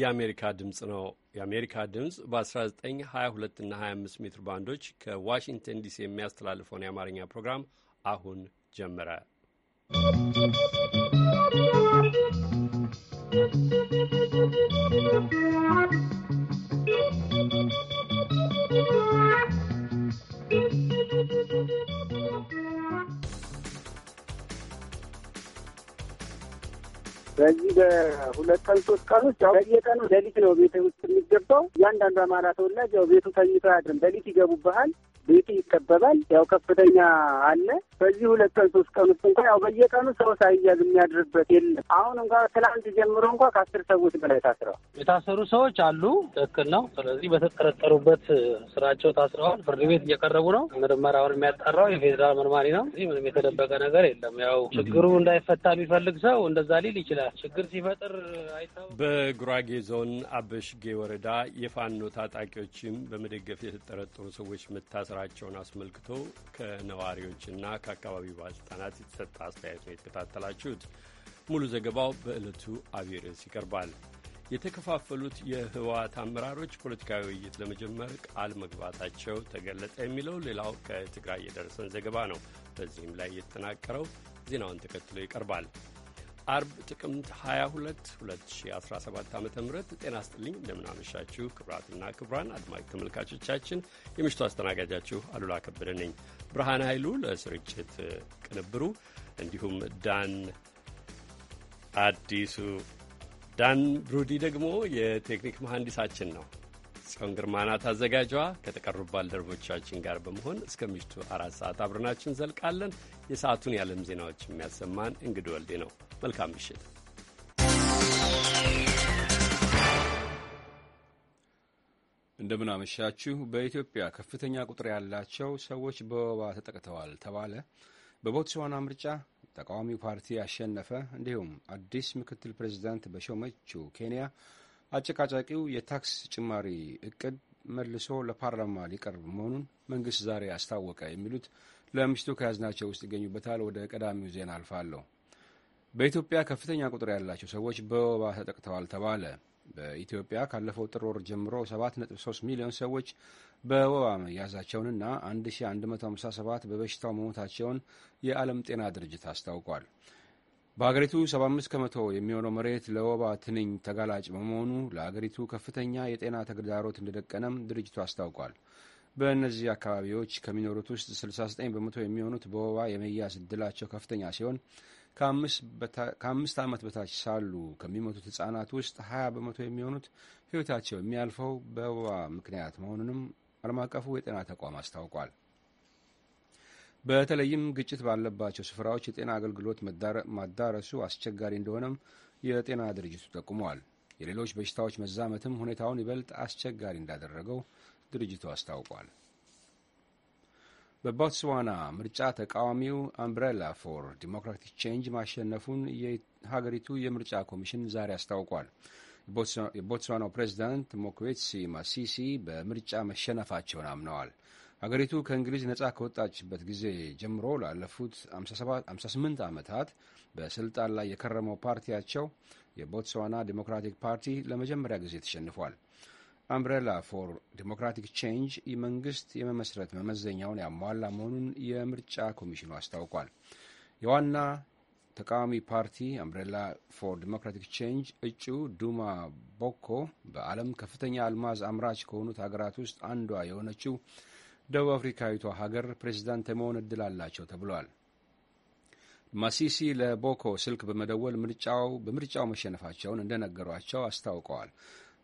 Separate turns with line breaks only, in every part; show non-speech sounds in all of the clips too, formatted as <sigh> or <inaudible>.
የአሜሪካ ድምፅ ነው። የአሜሪካ ድምፅ በ1922 እና 25 ሜትር ባንዶች ከዋሽንግተን ዲሲ የሚያስተላልፈውን የአማርኛ ፕሮግራም አሁን ጀመረ።
¶¶
በዚህ በሁለት ቀን ሶስት ቀኖች ያው በየቀኑ ሌሊት ነው ቤት ውስጥ የሚገባው። እያንዳንዱ አማራ ተወላጅ ያው ቤቱ ተኝቶ አያድርም። ሌሊት ይገቡብሃል። ቤት ይከበባል። ያው ከፍተኛ አለ። በዚህ ሁለት ቀን ሶስት ቀን ውስጥ እንኳ ያው በየቀኑ ሰው ሳይያዝ የሚያድርበት የለም። አሁን እንኳ ትላንት ጀምሮ እንኳ ከአስር ሰዎች በላይ ታስረዋል። የታሰሩ ሰዎች አሉ። ትክክል ነው። ስለዚህ በተጠረጠሩበት ስራቸው ታስረዋል። ፍርድ ቤት እየቀረቡ ነው። ምርመራውን የሚያጣራው የፌዴራል መርማሪ ነው። ምንም የተደበቀ ነገር የለም። ያው ችግሩ እንዳይፈታ የሚፈልግ ሰው እንደዛ ሊል ይችላል። ችግር ሲፈጥር አይታወቅም።
በጉራጌ ዞን አበሽጌ ወረዳ የፋኖ ታጣቂዎችም በመደገፍ የተጠረጠሩ ሰዎች መታሰራቸውን አስመልክቶ ከነዋሪዎችና ከአካባቢው ባለስልጣናት የተሰጠ አስተያየት ነው የተከታተላችሁት። ሙሉ ዘገባው በዕለቱ አብይ ርዕስ ይቀርባል። የተከፋፈሉት የህወሓት አመራሮች ፖለቲካዊ ውይይት ለመጀመር ቃል መግባታቸው ተገለጠ የሚለው ሌላው ከትግራይ የደረሰን ዘገባ ነው። በዚህም ላይ የተጠናቀረው ዜናውን ተከትሎ ይቀርባል። አርብ ጥቅምት 22 2017 ዓ ም ጤና ስጥልኝ። እንደምናመሻችሁ ክቡራትና ክቡራን አድማጭ ተመልካቾቻችን የምሽቱ አስተናጋጃችሁ አሉላ ከበደ ነኝ። ብርሃን ኃይሉ ለስርጭት ቅንብሩ፣ እንዲሁም ዳን አዲሱ ዳን ብሩዲ ደግሞ የቴክኒክ መሐንዲሳችን ነው። ጽዮን ግርማ ናት አዘጋጇ። ከተቀሩ ባልደረቦቻችን ጋር በመሆን እስከ ምሽቱ አራት ሰዓት አብረናችን ዘልቃለን። የሰዓቱን የዓለም ዜናዎች የሚያሰማን እንግድ ወልዴ ነው። መልካም ምሽት። እንደምናመሻችሁ።
በኢትዮጵያ ከፍተኛ ቁጥር ያላቸው ሰዎች በወባ ተጠቅተዋል ተባለ። በቦትስዋና ምርጫ ተቃዋሚው ፓርቲ ያሸነፈ፣ እንዲሁም አዲስ ምክትል ፕሬዚዳንት በሾመችው ኬንያ አጨቃጫቂው የታክስ ጭማሪ እቅድ መልሶ ለፓርላማ ሊቀርብ መሆኑን መንግስት ዛሬ አስታወቀ። የሚሉት ለምሽቱ ከያዝናቸው ውስጥ ይገኙበታል። ወደ ቀዳሚው ዜና አልፋለሁ። በኢትዮጵያ ከፍተኛ ቁጥር ያላቸው ሰዎች በወባ ተጠቅተዋል ተባለ። በኢትዮጵያ ካለፈው ጥር ወር ጀምሮ 7.3 ሚሊዮን ሰዎች በወባ መያዛቸውንና 1157 በበሽታው መሞታቸውን የዓለም ጤና ድርጅት አስታውቋል። በሀገሪቱ 75 ከመቶ የሚሆነው መሬት ለወባ ትንኝ ተጋላጭ በመሆኑ ለሀገሪቱ ከፍተኛ የጤና ተግዳሮት እንደደቀነም ድርጅቱ አስታውቋል። በእነዚህ አካባቢዎች ከሚኖሩት ውስጥ 69 በመቶ የሚሆኑት በወባ የመያዝ እድላቸው ከፍተኛ ሲሆን ከአምስት ዓመት በታች ሳሉ ከሚሞቱት ህጻናት ውስጥ 20 በመቶ የሚሆኑት ህይወታቸው የሚያልፈው በወባ ምክንያት መሆኑንም ዓለም አቀፉ የጤና ተቋም አስታውቋል። በተለይም ግጭት ባለባቸው ስፍራዎች የጤና አገልግሎት ማዳረሱ አስቸጋሪ እንደሆነም የጤና ድርጅቱ ጠቁመዋል። የሌሎች በሽታዎች መዛመትም ሁኔታውን ይበልጥ አስቸጋሪ እንዳደረገው ድርጅቱ አስታውቋል። በቦትስዋና ምርጫ ተቃዋሚው አምብሬላ ፎር ዲሞክራቲክ ቼንጅ ማሸነፉን የሀገሪቱ የምርጫ ኮሚሽን ዛሬ አስታውቋል። የቦትስዋናው ፕሬዚዳንት ሞክዌትሲ ማሲሲ በምርጫ መሸነፋቸውን አምነዋል። ሀገሪቱ ከእንግሊዝ ነጻ ከወጣችበት ጊዜ ጀምሮ ላለፉት 58 ዓመታት በስልጣን ላይ የከረመው ፓርቲያቸው የቦትስዋና ዲሞክራቲክ ፓርቲ ለመጀመሪያ ጊዜ ተሸንፏል። አምብሬላ ፎር ዲሞክራቲክ ቼንጅ መንግስት የመመስረት መመዘኛውን ያሟላ መሆኑን የምርጫ ኮሚሽኑ አስታውቋል። የዋና ተቃዋሚ ፓርቲ አምብሬላ ፎር ዲሞክራቲክ ቼንጅ እጩ ዱማ ቦኮ በዓለም ከፍተኛ አልማዝ አምራች ከሆኑት ሀገራት ውስጥ አንዷ የሆነችው ደቡብ አፍሪካዊቷ ሀገር ፕሬዚዳንት የመሆን እድል አላቸው ተብሏል። ማሲሲ ለቦኮ ስልክ በመደወል ምርጫው በምርጫው መሸነፋቸውን እንደነገሯቸው አስታውቀዋል።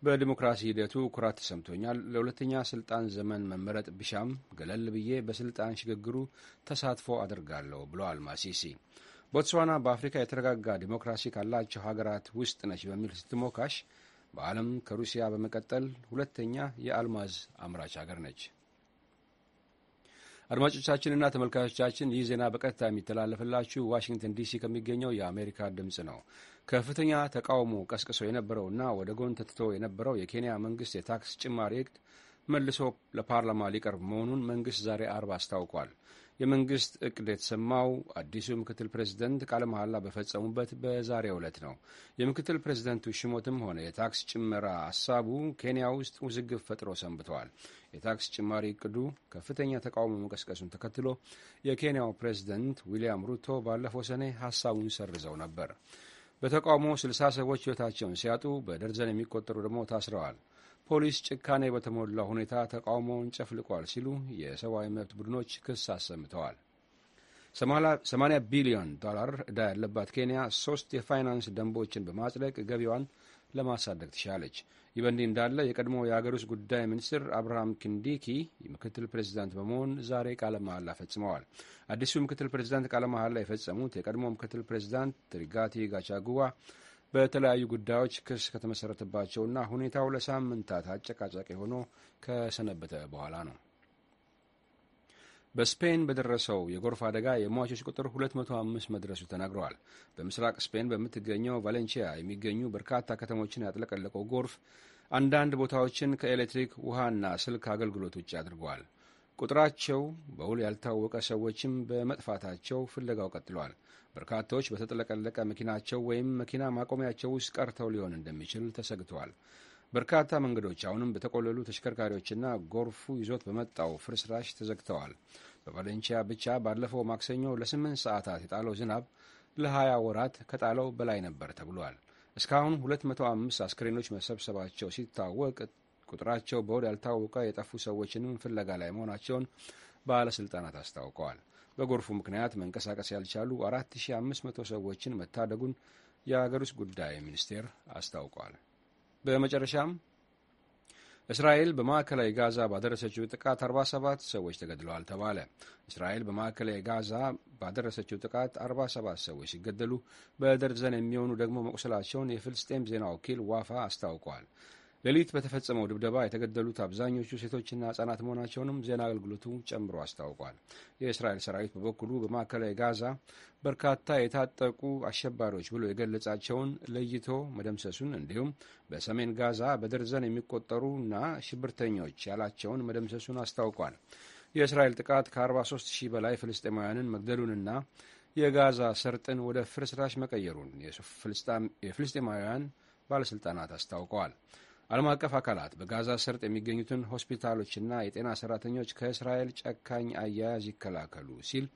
በዲሞክራሲ ሂደቱ ኩራት ተሰምቶኛል። ለሁለተኛ ስልጣን ዘመን መመረጥ ብሻም ገለል ብዬ በስልጣን ሽግግሩ ተሳትፎ አድርጋለሁ ብለዋል ማሲሲ። ቦትስዋና በአፍሪካ የተረጋጋ ዲሞክራሲ ካላቸው ሀገራት ውስጥ ነች በሚል ስትሞካሽ በዓለም ከሩሲያ በመቀጠል ሁለተኛ የአልማዝ አምራች ሀገር ነች። አድማጮቻችንና ተመልካቾቻችን ይህ ዜና በቀጥታ የሚተላለፍላችሁ ዋሽንግተን ዲሲ ከሚገኘው የአሜሪካ ድምፅ ነው። ከፍተኛ ተቃውሞ ቀስቅሶ የነበረውና ወደ ጎን ተትቶ የነበረው የኬንያ መንግስት የታክስ ጭማሪ ህግ መልሶ ለፓርላማ ሊቀርብ መሆኑን መንግስት ዛሬ አርብ አስታውቋል። የመንግስት እቅድ የተሰማው አዲሱ ምክትል ፕሬዚደንት ቃለ መሐላ በፈጸሙበት በዛሬ ዕለት ነው። የምክትል ፕሬዚደንቱ ሽሞትም ሆነ የታክስ ጭመራ ሀሳቡ ኬንያ ውስጥ ውዝግብ ፈጥሮ ሰንብተዋል። የታክስ ጭማሪ እቅዱ ከፍተኛ ተቃውሞ መቀስቀሱን ተከትሎ የኬንያው ፕሬዚደንት ዊልያም ሩቶ ባለፈው ሰኔ ሀሳቡን ሰርዘው ነበር። በተቃውሞ 60 ሰዎች ሕይወታቸውን ሲያጡ በደርዘን የሚቆጠሩ ደግሞ ታስረዋል። ፖሊስ ጭካኔ በተሞላ ሁኔታ ተቃውሞውን ጨፍልቋል ሲሉ የሰብአዊ መብት ቡድኖች ክስ አሰምተዋል። 80 ቢሊዮን ዶላር ዕዳ ያለባት ኬንያ ሶስት የፋይናንስ ደንቦችን በማጽደቅ ገቢዋን ለማሳደግ ትሻለች። ይህ በእንዲህ እንዳለ የቀድሞ የአገር ውስጥ ጉዳይ ሚኒስትር አብርሃም ኪንዲኪ ምክትል ፕሬዚዳንት በመሆን ዛሬ ቃለ መሐላ ፈጽመዋል። አዲሱ ምክትል ፕሬዚዳንት ቃለ መሐላ የፈጸሙት የቀድሞ ምክትል ፕሬዚዳንት ትሪጋቲ ጋቻጉዋ በተለያዩ ጉዳዮች ክስ ከተመሰረተባቸውና ሁኔታው ለሳምንታት አጨቃጫቂ ሆኖ ከሰነበተ በኋላ ነው። በስፔን በደረሰው የጎርፍ አደጋ የሟቾች ቁጥር 205 መድረሱ ተናግረዋል። በምስራቅ ስፔን በምትገኘው ቫሌንሲያ የሚገኙ በርካታ ከተሞችን ያጥለቀለቀው ጎርፍ አንዳንድ ቦታዎችን ከኤሌክትሪክ ውሃና ስልክ አገልግሎት ውጭ አድርገዋል። ቁጥራቸው በውል ያልታወቀ ሰዎችም በመጥፋታቸው ፍለጋው ቀጥሏል። በርካታዎች በተጥለቀለቀ መኪናቸው ወይም መኪና ማቆሚያቸው ውስጥ ቀርተው ሊሆን እንደሚችል ተሰግተዋል። በርካታ መንገዶች አሁንም በተቆለሉ ተሽከርካሪዎችና ጎርፉ ይዞት በመጣው ፍርስራሽ ተዘግተዋል። በቫሌንሲያ ብቻ ባለፈው ማክሰኞ ለስምንት ሰዓታት የጣለው ዝናብ ለሀያ ወራት ከጣለው በላይ ነበር ተብሏል። እስካሁን 205 አስክሬኖች መሰብሰባቸው ሲታወቅ ቁጥራቸው በውል ያልታወቀ የጠፉ ሰዎችንም ፍለጋ ላይ መሆናቸውን ባለሥልጣናት አስታውቀዋል። በጎርፉ ምክንያት መንቀሳቀስ ያልቻሉ 4500 ሰዎችን መታደጉን የአገር ውስጥ ጉዳይ ሚኒስቴር አስታውቋል። በመጨረሻም እስራኤል በማዕከላዊ ጋዛ ባደረሰችው ጥቃት 47 ሰዎች ተገድለዋል ተባለ። እስራኤል በማዕከላዊ ጋዛ ባደረሰችው ጥቃት 47 ሰዎች ሲገደሉ በደርዘን የሚሆኑ ደግሞ መቁሰላቸውን የፍልስጤም ዜና ወኪል ዋፋ አስታውቋል። ሌሊት በተፈጸመው ድብደባ የተገደሉት አብዛኞቹ ሴቶችና ህጻናት መሆናቸውንም ዜና አገልግሎቱ ጨምሮ አስታውቋል። የእስራኤል ሰራዊት በበኩሉ በማዕከላዊ ጋዛ በርካታ የታጠቁ አሸባሪዎች ብሎ የገለጻቸውን ለይቶ መደምሰሱን እንዲሁም በሰሜን ጋዛ በደርዘን የሚቆጠሩና ሽብርተኞች ያላቸውን መደምሰሱን አስታውቋል። የእስራኤል ጥቃት ከ43 ሺህ በላይ ፍልስጤማውያንን መግደሉንና የጋዛ ሰርጥን ወደ ፍርስራሽ መቀየሩን የፍልስጤማውያን ባለሥልጣናት አስታውቀዋል። ዓለም አቀፍ አካላት በጋዛ ሰርጥ የሚገኙትን ሆስፒታሎችና የጤና ሰራተኞች ከእስራኤል ጨካኝ አያያዝ ይከላከሉ ሲል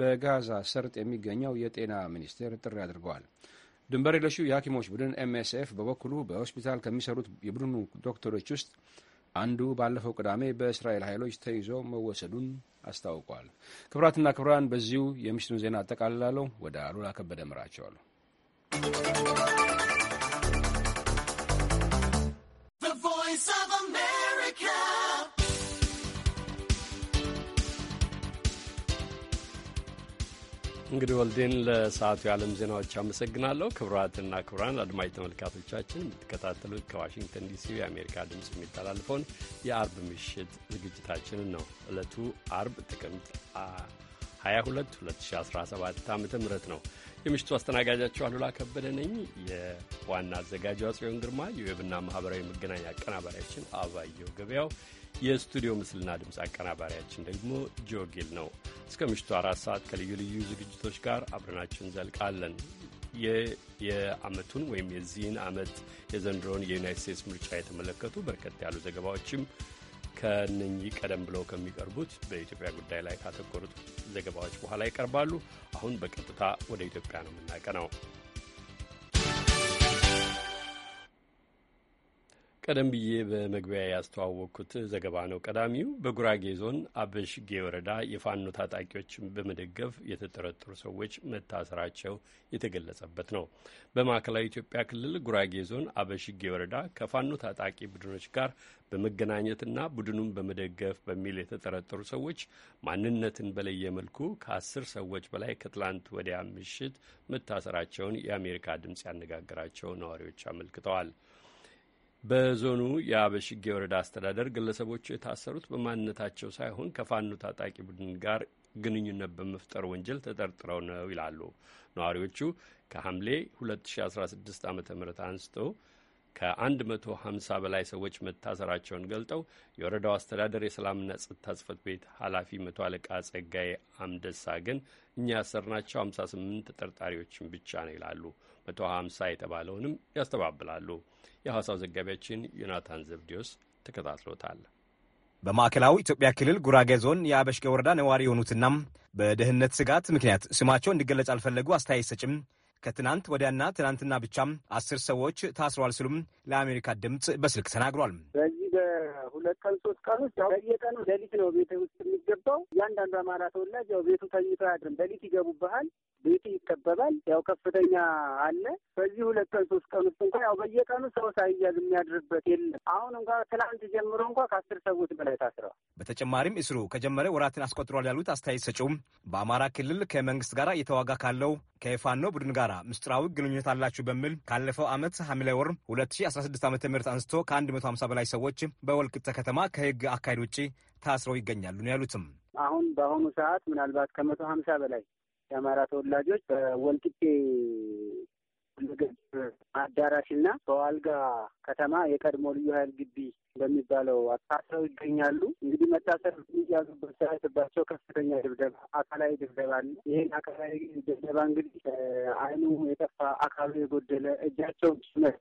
በጋዛ ሰርጥ የሚገኘው የጤና ሚኒስቴር ጥሪ አድርገዋል። ድንበር የለሹ የሐኪሞች ቡድን ኤምኤስኤፍ በበኩሉ በሆስፒታል ከሚሰሩት የቡድኑ ዶክተሮች ውስጥ አንዱ ባለፈው ቅዳሜ በእስራኤል ኃይሎች ተይዞ መወሰዱን አስታውቋል። ክብራትና ክብራን በዚሁ የምሽቱን ዜና አጠቃልላለሁ። ወደ አሉላ ከበደ ምራቸዋለሁ።
እንግዲህ ወልዴን ለሰዓቱ የዓለም ዜናዎች አመሰግናለሁ። ክቡራትና ክቡራን አድማጭ ተመልካቶቻችን የምትከታተሉት ከዋሽንግተን ዲሲ የአሜሪካ ድምፅ የሚተላልፈውን የአርብ ምሽት ዝግጅታችንን ነው። ዕለቱ አርብ ጥቅምት 22 2017 ዓ ም ነው። የምሽቱ አስተናጋጃችሁ አሉላ ከበደ ነኝ። የዋና አዘጋጇ ጽዮን ግርማ፣ የዌብና ማኅበራዊ መገናኛ አቀናባሪያችን አባየው ገበያው የስቱዲዮ ምስልና ድምፅ አቀናባሪያችን ደግሞ ጆጌል ነው። እስከ ምሽቱ አራት ሰዓት ከልዩ ልዩ ዝግጅቶች ጋር አብረናችሁ እንዘልቃለን። የአመቱን ወይም የዚህን አመት የዘንድሮን የዩናይት ስቴትስ ምርጫ የተመለከቱ በርከት ያሉ ዘገባዎችም ከነኚህ ቀደም ብለው ከሚቀርቡት በኢትዮጵያ ጉዳይ ላይ ካተኮሩት ዘገባዎች በኋላ ይቀርባሉ። አሁን በቀጥታ ወደ ኢትዮጵያ ነው የምናቀናው። ቀደም ብዬ በመግቢያ ያስተዋወቅኩት ዘገባ ነው። ቀዳሚው በጉራጌ ዞን አበሽጌ ወረዳ የፋኖ ታጣቂዎችን በመደገፍ የተጠረጠሩ ሰዎች መታሰራቸው የተገለጸበት ነው። በማዕከላዊ ኢትዮጵያ ክልል ጉራጌ ዞን አበሽጌ ወረዳ ከፋኖ ታጣቂ ቡድኖች ጋር በመገናኘትና ቡድኑን በመደገፍ በሚል የተጠረጠሩ ሰዎች ማንነትን በለየ መልኩ ከአስር ሰዎች በላይ ከትላንት ወዲያ ምሽት መታሰራቸውን የአሜሪካ ድምፅ ያነጋገራቸው ነዋሪዎች አመልክተዋል። በዞኑ የአበሽጌ ወረዳ አስተዳደር ግለሰቦቹ የታሰሩት በማንነታቸው ሳይሆን ከፋኖ ታጣቂ ቡድን ጋር ግንኙነት በመፍጠር ወንጀል ተጠርጥረው ነው ይላሉ ነዋሪዎቹ። ከሐምሌ 2016 ዓ ም አንስቶ ከ150 በላይ ሰዎች መታሰራቸውን ገልጠው የወረዳው አስተዳደር የሰላምና ጸጥታ ጽፈት ቤት ኃላፊ መቶ አለቃ ጸጋዬ አምደሳ ግን እኛ ያሰርናቸው 58 ተጠርጣሪዎችን ብቻ ነው ይላሉ። መቶ 50 የተባለውንም ያስተባብላሉ። የሐዋሳው ዘጋቢያችን ዮናታን ዘብዲዮስ ተከታትሎታል።
በማዕከላዊ ኢትዮጵያ ክልል ጉራጌ ዞን የአበሽጌ ወረዳ ነዋሪ የሆኑትና በደህንነት ስጋት ምክንያት ስማቸው እንዲገለጽ አልፈለጉ አስተያየት ሰጭም ከትናንት ወዲያና ትናንትና ብቻ አስር ሰዎች ታስረዋል ሲሉም ለአሜሪካ ድምፅ በስልክ ተናግሯል።
ለሁለት ቀን ሶስት ቀን ውስጥ ያው በየቀኑ ሌሊት ነው ቤት ውስጥ የሚገባው። እያንዳንዱ አማራ ተወላጅ ያው ቤቱ ተኝቶ አያድርም። ሌሊት ይገቡብሃል። ቤቱ ይከበባል። ያው ከፍተኛ አለ። በዚህ ሁለት ቀን ሶስት ቀን ውስጥ እንኳ ያው በየቀኑ ሰው ሳይያዝ የሚያድርበት የለም። አሁን እንኳ ትላንት ጀምሮ እንኳ ከአስር ሰዎች በላይ ታስረዋል።
በተጨማሪም እስሩ ከጀመረ ወራትን አስቆጥሯል ያሉት አስተያየት ሰጪውም በአማራ ክልል ከመንግስት ጋር እየተዋጋ ካለው ከፋኖ ቡድን ጋር ምስጢራዊ ግንኙነት አላችሁ በሚል ካለፈው ዓመት ሐምሌ ወር 2016 ዓ ም አንስቶ ከ150 በላይ ሰዎች በወልቅጠ ከተማ ከህግ አካሄድ ውጭ ታስረው ይገኛሉ ነው ያሉትም።
አሁን በአሁኑ ሰዓት ምናልባት ከመቶ ሀምሳ በላይ የአማራ ተወላጆች በወልቅጤ ምግብ አዳራሽና በዋልጋ ከተማ የቀድሞ ልዩ ኃይል ግቢ በሚባለው አታስረው ይገኛሉ። እንግዲህ መታሰር ያሉበት ሰዓትባቸው ከፍተኛ ድብደባ፣ አካላዊ ድብደባ አለ። ይህን አካላዊ ድብደባ እንግዲህ አይኑ የጠፋ አካሉ የጎደለ እጃቸው ጭምር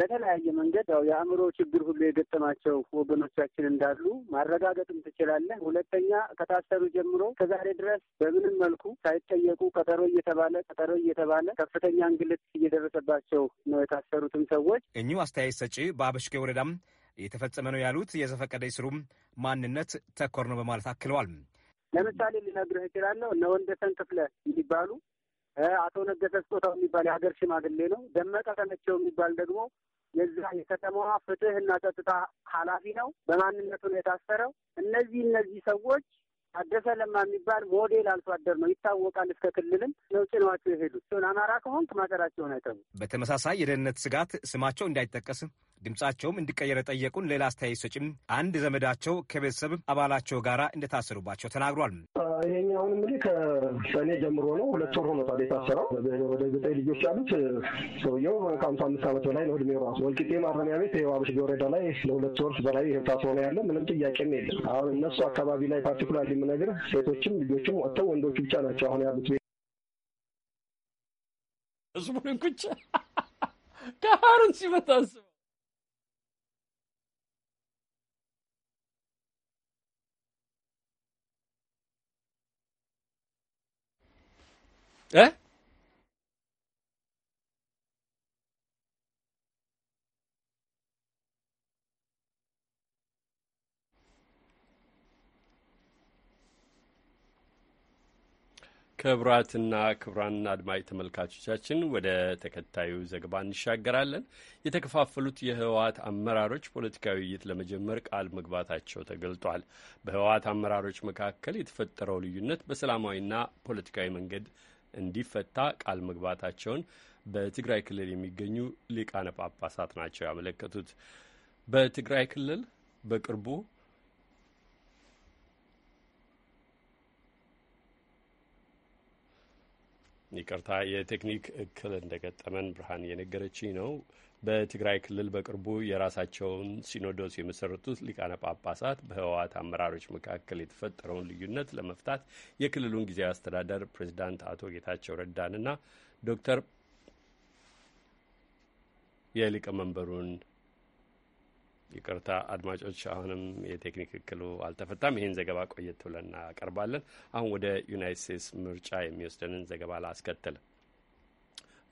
በተለያየ መንገድ ያው የአእምሮ ችግር ሁሉ የገጠማቸው ወገኖቻችን እንዳሉ ማረጋገጥም ትችላለህ። ሁለተኛ ከታሰሩ ጀምሮ ከዛሬ ድረስ በምንም መልኩ ሳይጠየቁ ቀጠሮ እየተባለ ቀጠሮ እየተባለ ከፍተኛ እንግልት እየደረሰባቸው ነው የታሰሩትም
ሰዎች። እኚሁ አስተያየት ሰጪ በአበሽጌ ወረዳም የተፈጸመ ነው ያሉት የዘፈቀደ ስሩም ማንነት ተኮር ነው በማለት አክለዋል።
ለምሳሌ ልነግርህ እችላለሁ። እነ ወንደሰን ክፍለ የሚባሉ አቶ ነገሰ ስጦታው የሚባል የሀገር ሽማግሌ ነው። ደመቀ ተመቸው የሚባል ደግሞ የዛ የከተማዋ ፍትህ እና ጸጥታ ኃላፊ ነው። በማንነቱ ነው የታሰረው። እነዚህ እነዚህ ሰዎች ታደሰ ለማ የሚባል ሞዴል አርሶ አደር ነው፣ ይታወቃል። እስከ ክልልም ነው ጭነዋቸው የሄዱት ሲሆን አማራ ከሆንክ ማጠራቸውን አይተሙ።
በተመሳሳይ የደህንነት ስጋት ስማቸው እንዳይጠቀስም ድምፃቸውም እንዲቀየር ጠየቁን። ሌላ አስተያየት ሰጭም አንድ ዘመዳቸው ከቤተሰብ አባላቸው ጋር እንደታሰሩባቸው ተናግሯል።
አሁን እንግዲህ ከሰኔ ጀምሮ ነው። ሁለት ወር ሆኖታል የታሰረው። ወደ ዘጠኝ ልጆች ያሉት ሰውየው ከአምሳ አምስት ዓመት በላይ ነው እድሜው። ራሱ ወልቂጤ ማረሚያ ቤት የዋብሽ ወረዳ ላይ ለሁለት ወር በላይ ታስሮ ነው ያለ። ምንም ጥያቄም የለም። አሁን እነሱ አካባቢ ላይ ፓርቲኩላር የምነግር ሴቶችም ልጆችም ወጥተው ወንዶቹ ብቻ ናቸው አሁን ያሉት ህዝቡን ቁጭ ከሀሩን ሲመታስብ 에?
ክብራትና ክብራን አድማጭ ተመልካቾቻችን ወደ ተከታዩ ዘገባ እንሻገራለን። የተከፋፈሉት የህወሀት አመራሮች ፖለቲካዊ ውይይት ለመጀመር ቃል መግባታቸው ተገልጧል። በህወሀት አመራሮች መካከል የተፈጠረው ልዩነት በሰላማዊና ፖለቲካዊ መንገድ እንዲፈታ ቃል መግባታቸውን በትግራይ ክልል የሚገኙ ሊቃነ ጳጳሳት ናቸው ያመለከቱት። በትግራይ ክልል በቅርቡ ይቅርታ የቴክኒክ እክል እንደገጠመን ብርሃን እየነገረችኝ ነው። በትግራይ ክልል በቅርቡ የራሳቸውን ሲኖዶስ የመሰረቱት ሊቃነ ጳጳሳት በህወሓት አመራሮች መካከል የተፈጠረውን ልዩነት ለመፍታት የክልሉን ጊዜያዊ አስተዳደር ፕሬዚዳንት አቶ ጌታቸው ረዳንና ዶክተር የሊቀመንበሩን ይቅርታ አድማጮች፣ አሁንም የቴክኒክ እክሉ አልተፈታም። ይህን ዘገባ ቆየት ብለን እናቀርባለን። አሁን ወደ ዩናይት ስቴትስ ምርጫ የሚወስደንን ዘገባ ላስከትል።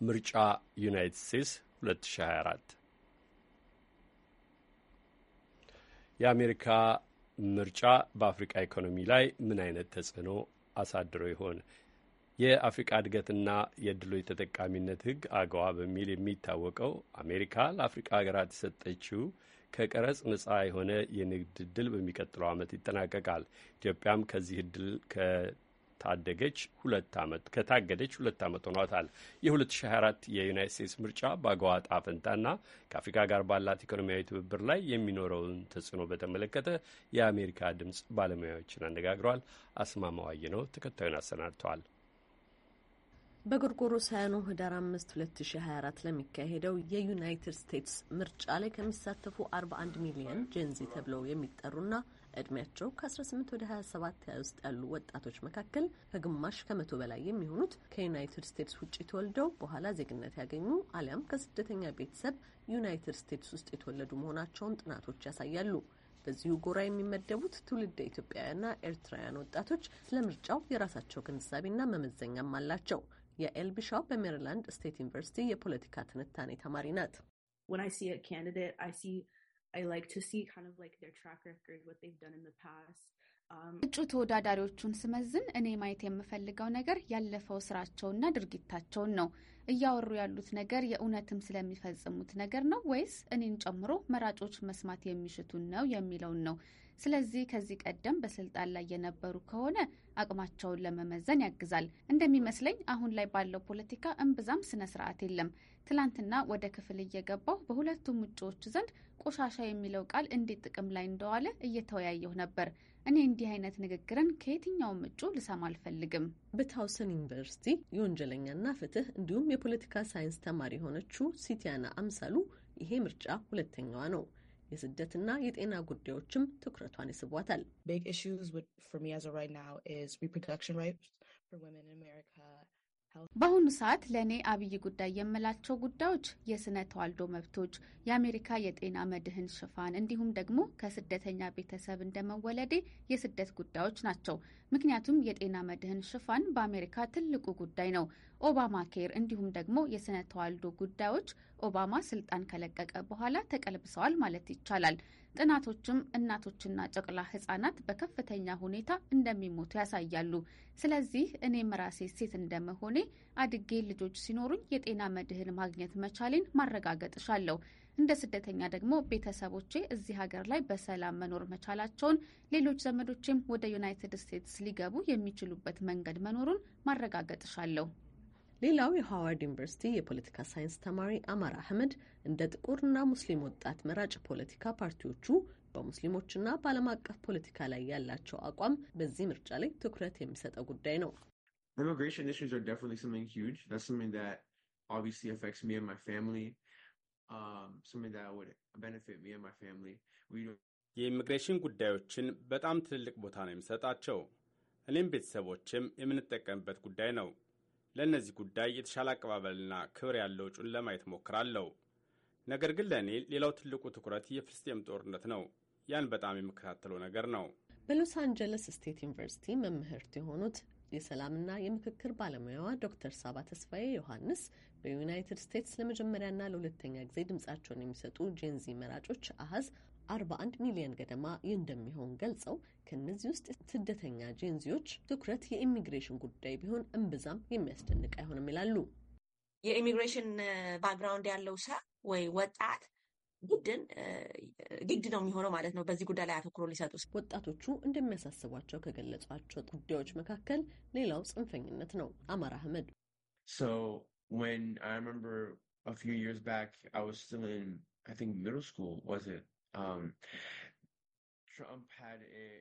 ምርጫ ዩናይት ስቴትስ 2024 የአሜሪካ ምርጫ በአፍሪቃ ኢኮኖሚ ላይ ምን አይነት ተጽዕኖ አሳድሮ ይሆን? የአፍሪቃ እድገትና የእድሎች ተጠቃሚነት ህግ አገዋ በሚል የሚታወቀው አሜሪካ ለአፍሪቃ ሀገራት የሰጠችው ከቀረጽ ነጻ የሆነ የንግድ እድል በሚቀጥለው ዓመት ይጠናቀቃል። ኢትዮጵያም ከዚህ እድል ታደገች ሁለት ዓመት ከታገደች ሁለት ዓመት ሆኗታል። የ2024 የዩናይት ስቴትስ ምርጫ በአገዋ ዕጣ ከአፍሪካ ጋር ባላት ኢኮኖሚያዊ ትብብር ላይ የሚኖረውን ተጽዕኖ በተመለከተ የአሜሪካ ድምፅ ባለሙያዎችን አነጋግሯል። አስማማዋይ ነው ተከታዩን አሰናድተዋል።
ሳያኑ ህዳር አምስት ሁለት ሺ ሀያ አራት ለሚካሄደው የዩናይትድ ስቴትስ ምርጫ ላይ ከሚሳተፉ አርባ አንድ ሚሊዮን ጄንዚ ተብለው የሚጠሩና እድሜያቸው ከ18 ወደ 27 ውስጥ ያሉ ወጣቶች መካከል ከግማሽ ከመቶ በላይ የሚሆኑት ከዩናይትድ ስቴትስ ውጭ ተወልደው በኋላ ዜግነት ያገኙ አሊያም ከስደተኛ ቤተሰብ ዩናይትድ ስቴትስ ውስጥ የተወለዱ መሆናቸውን ጥናቶች ያሳያሉ። በዚሁ ጎራ የሚመደቡት ትውልደ ኢትዮጵያውያንና ኤርትራውያን ወጣቶች ስለ ምርጫው የራሳቸው ግንዛቤና መመዘኛም አላቸው። የኤል በሜሪላንድ ስቴት ዩኒቨርሲቲ የፖለቲካ ትንታኔ ተማሪ ናት። When I see a candidate, I see I like to see kind of like their track record, what they've done in the
past. Um, እጩ ተወዳዳሪዎቹን ስመዝን እኔ ማየት የምፈልገው ነገር ያለፈው ስራቸውና ድርጊታቸውን ነው። እያወሩ ያሉት ነገር የእውነትም ስለሚፈጽሙት ነገር ነው ወይስ እኔን ጨምሮ መራጮች መስማት የሚሽቱን ነው የሚለውን ነው። ስለዚህ ከዚህ ቀደም በስልጣን ላይ የነበሩ ከሆነ አቅማቸውን ለመመዘን ያግዛል። እንደሚመስለኝ አሁን ላይ ባለው ፖለቲካ እምብዛም ስነ ስርዓት የለም። ትላንትና ወደ ክፍል እየገባሁ በሁለቱም ውጭዎች ዘንድ ቆሻሻ የሚለው ቃል እንዴት ጥቅም ላይ እንደዋለ እየተወያየሁ ነበር። እኔ እንዲህ አይነት ንግግርን ከየትኛውም እጩ ልሰማ አልፈልግም። በታውሰን ዩኒቨርሲቲ
የወንጀለኛና ፍትህ እንዲሁም የፖለቲካ ሳይንስ ተማሪ የሆነችው ሲቲያና አምሳሉ ይሄ ምርጫ ሁለተኛዋ ነው። የስደትና የጤና ጉዳዮችም ትኩረቷን ይስቧታል።
በአሁኑ ሰዓት ለእኔ አብይ ጉዳይ የምላቸው ጉዳዮች የስነ ተዋልዶ መብቶች፣ የአሜሪካ የጤና መድህን ሽፋን እንዲሁም ደግሞ ከስደተኛ ቤተሰብ እንደመወለዴ የስደት ጉዳዮች ናቸው። ምክንያቱም የጤና መድህን ሽፋን በአሜሪካ ትልቁ ጉዳይ ነው። ኦባማ ኬር እንዲሁም ደግሞ የስነ ተዋልዶ ጉዳዮች ኦባማ ስልጣን ከለቀቀ በኋላ ተቀልብሰዋል ማለት ይቻላል። ጥናቶችም እናቶችና ጨቅላ ህጻናት በከፍተኛ ሁኔታ እንደሚሞቱ ያሳያሉ። ስለዚህ እኔም ራሴ ሴት እንደመሆኔ አድጌ ልጆች ሲኖሩኝ የጤና መድህን ማግኘት መቻሌን ማረጋገጥ ሻለሁ። እንደ ስደተኛ ደግሞ ቤተሰቦቼ እዚህ ሀገር ላይ በሰላም መኖር መቻላቸውን፣ ሌሎች ዘመዶችም ወደ ዩናይትድ ስቴትስ ሊገቡ የሚችሉበት መንገድ መኖሩን ማረጋገጥ ሻለሁ። ሌላው የሃዋርድ ዩኒቨርሲቲ የፖለቲካ ሳይንስ ተማሪ አማር አህመድ እንደ
ጥቁርና ሙስሊም ወጣት መራጭ ፖለቲካ ፓርቲዎቹ በሙስሊሞችና በዓለም አቀፍ ፖለቲካ ላይ ያላቸው አቋም በዚህ ምርጫ ላይ ትኩረት የሚሰጠው ጉዳይ ነው።
um,
የኢሚግሬሽን ጉዳዮችን በጣም ትልልቅ ቦታ ነው የሚሰጣቸው። እኔም ቤተሰቦችም የምንጠቀምበት ጉዳይ ነው። ለእነዚህ ጉዳይ የተሻለ አቀባበልና ክብር ያለው እጩን ለማየት ሞክራለሁ። ነገር ግን ለእኔ ሌላው ትልቁ ትኩረት የፍልስጤም ጦርነት ነው። ያን በጣም የምከታተለው ነገር ነው።
በሎስ አንጀለስ ስቴት ዩኒቨርሲቲ መምህርት የሆኑት የሰላምና የምክክር ባለሙያዋ ዶክተር ሳባ ተስፋዬ ዮሐንስ በዩናይትድ ስቴትስ ለመጀመሪያና ለሁለተኛ ጊዜ ድምጻቸውን የሚሰጡ ጄንዚ መራጮች አሀዝ 41 ሚሊዮን ገደማ እንደሚሆን ገልጸው ከእነዚህ ውስጥ ስደተኛ ጄንዚዎች ትኩረት የኢሚግሬሽን ጉዳይ ቢሆን እምብዛም የሚያስደንቅ አይሆንም ይላሉ።
የኢሚግሬሽን ባክግራውንድ ያለው ሰው ወይ ወጣት
ግድን ግድ ነው የሚሆነው ማለት ነው። በዚህ ጉዳይ ላይ አተኩሮ ሊሰጡ ወጣቶቹ እንደሚያሳስቧቸው ከገለጿቸው ጉዳዮች መካከል ሌላው ጽንፈኝነት ነው። አማር አህመድ
ስ
ስ ስ Um,
eh,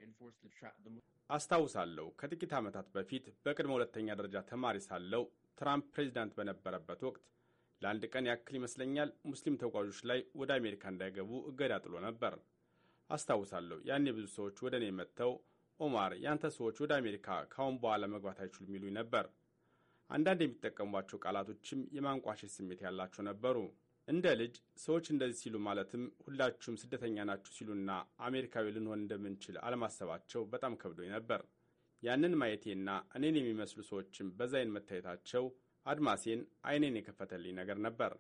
አስታውሳለሁ ከጥቂት ዓመታት በፊት በቅድመ ሁለተኛ ደረጃ ተማሪ ሳለው ትራምፕ ፕሬዚዳንት በነበረበት ወቅት ለአንድ ቀን ያክል ይመስለኛል ሙስሊም ተጓዦች ላይ ወደ አሜሪካ እንዳይገቡ እገዳ ጥሎ ነበር። አስታውሳለሁ ያኔ ብዙ ሰዎች ወደ እኔ መጥተው ኦማር፣ ያንተ ሰዎች ወደ አሜሪካ ከአሁን በኋላ መግባት አይችሉም ይሉኝ ነበር። አንዳንድ የሚጠቀሟቸው ቃላቶችም የማንቋሸሽ ስሜት ያላቸው ነበሩ። እንደ ልጅ ሰዎች እንደዚህ ሲሉ ማለትም ሁላችሁም ስደተኛ ናችሁ ሲሉና አሜሪካዊ ልንሆን እንደምንችል አለማሰባቸው በጣም ከብዶኝ ነበር። ያንን ማየቴና እኔን የሚመስሉ ሰዎችም በዛይን መታየታቸው አድማሴን አይኔን የከፈተልኝ ነገር ነበር።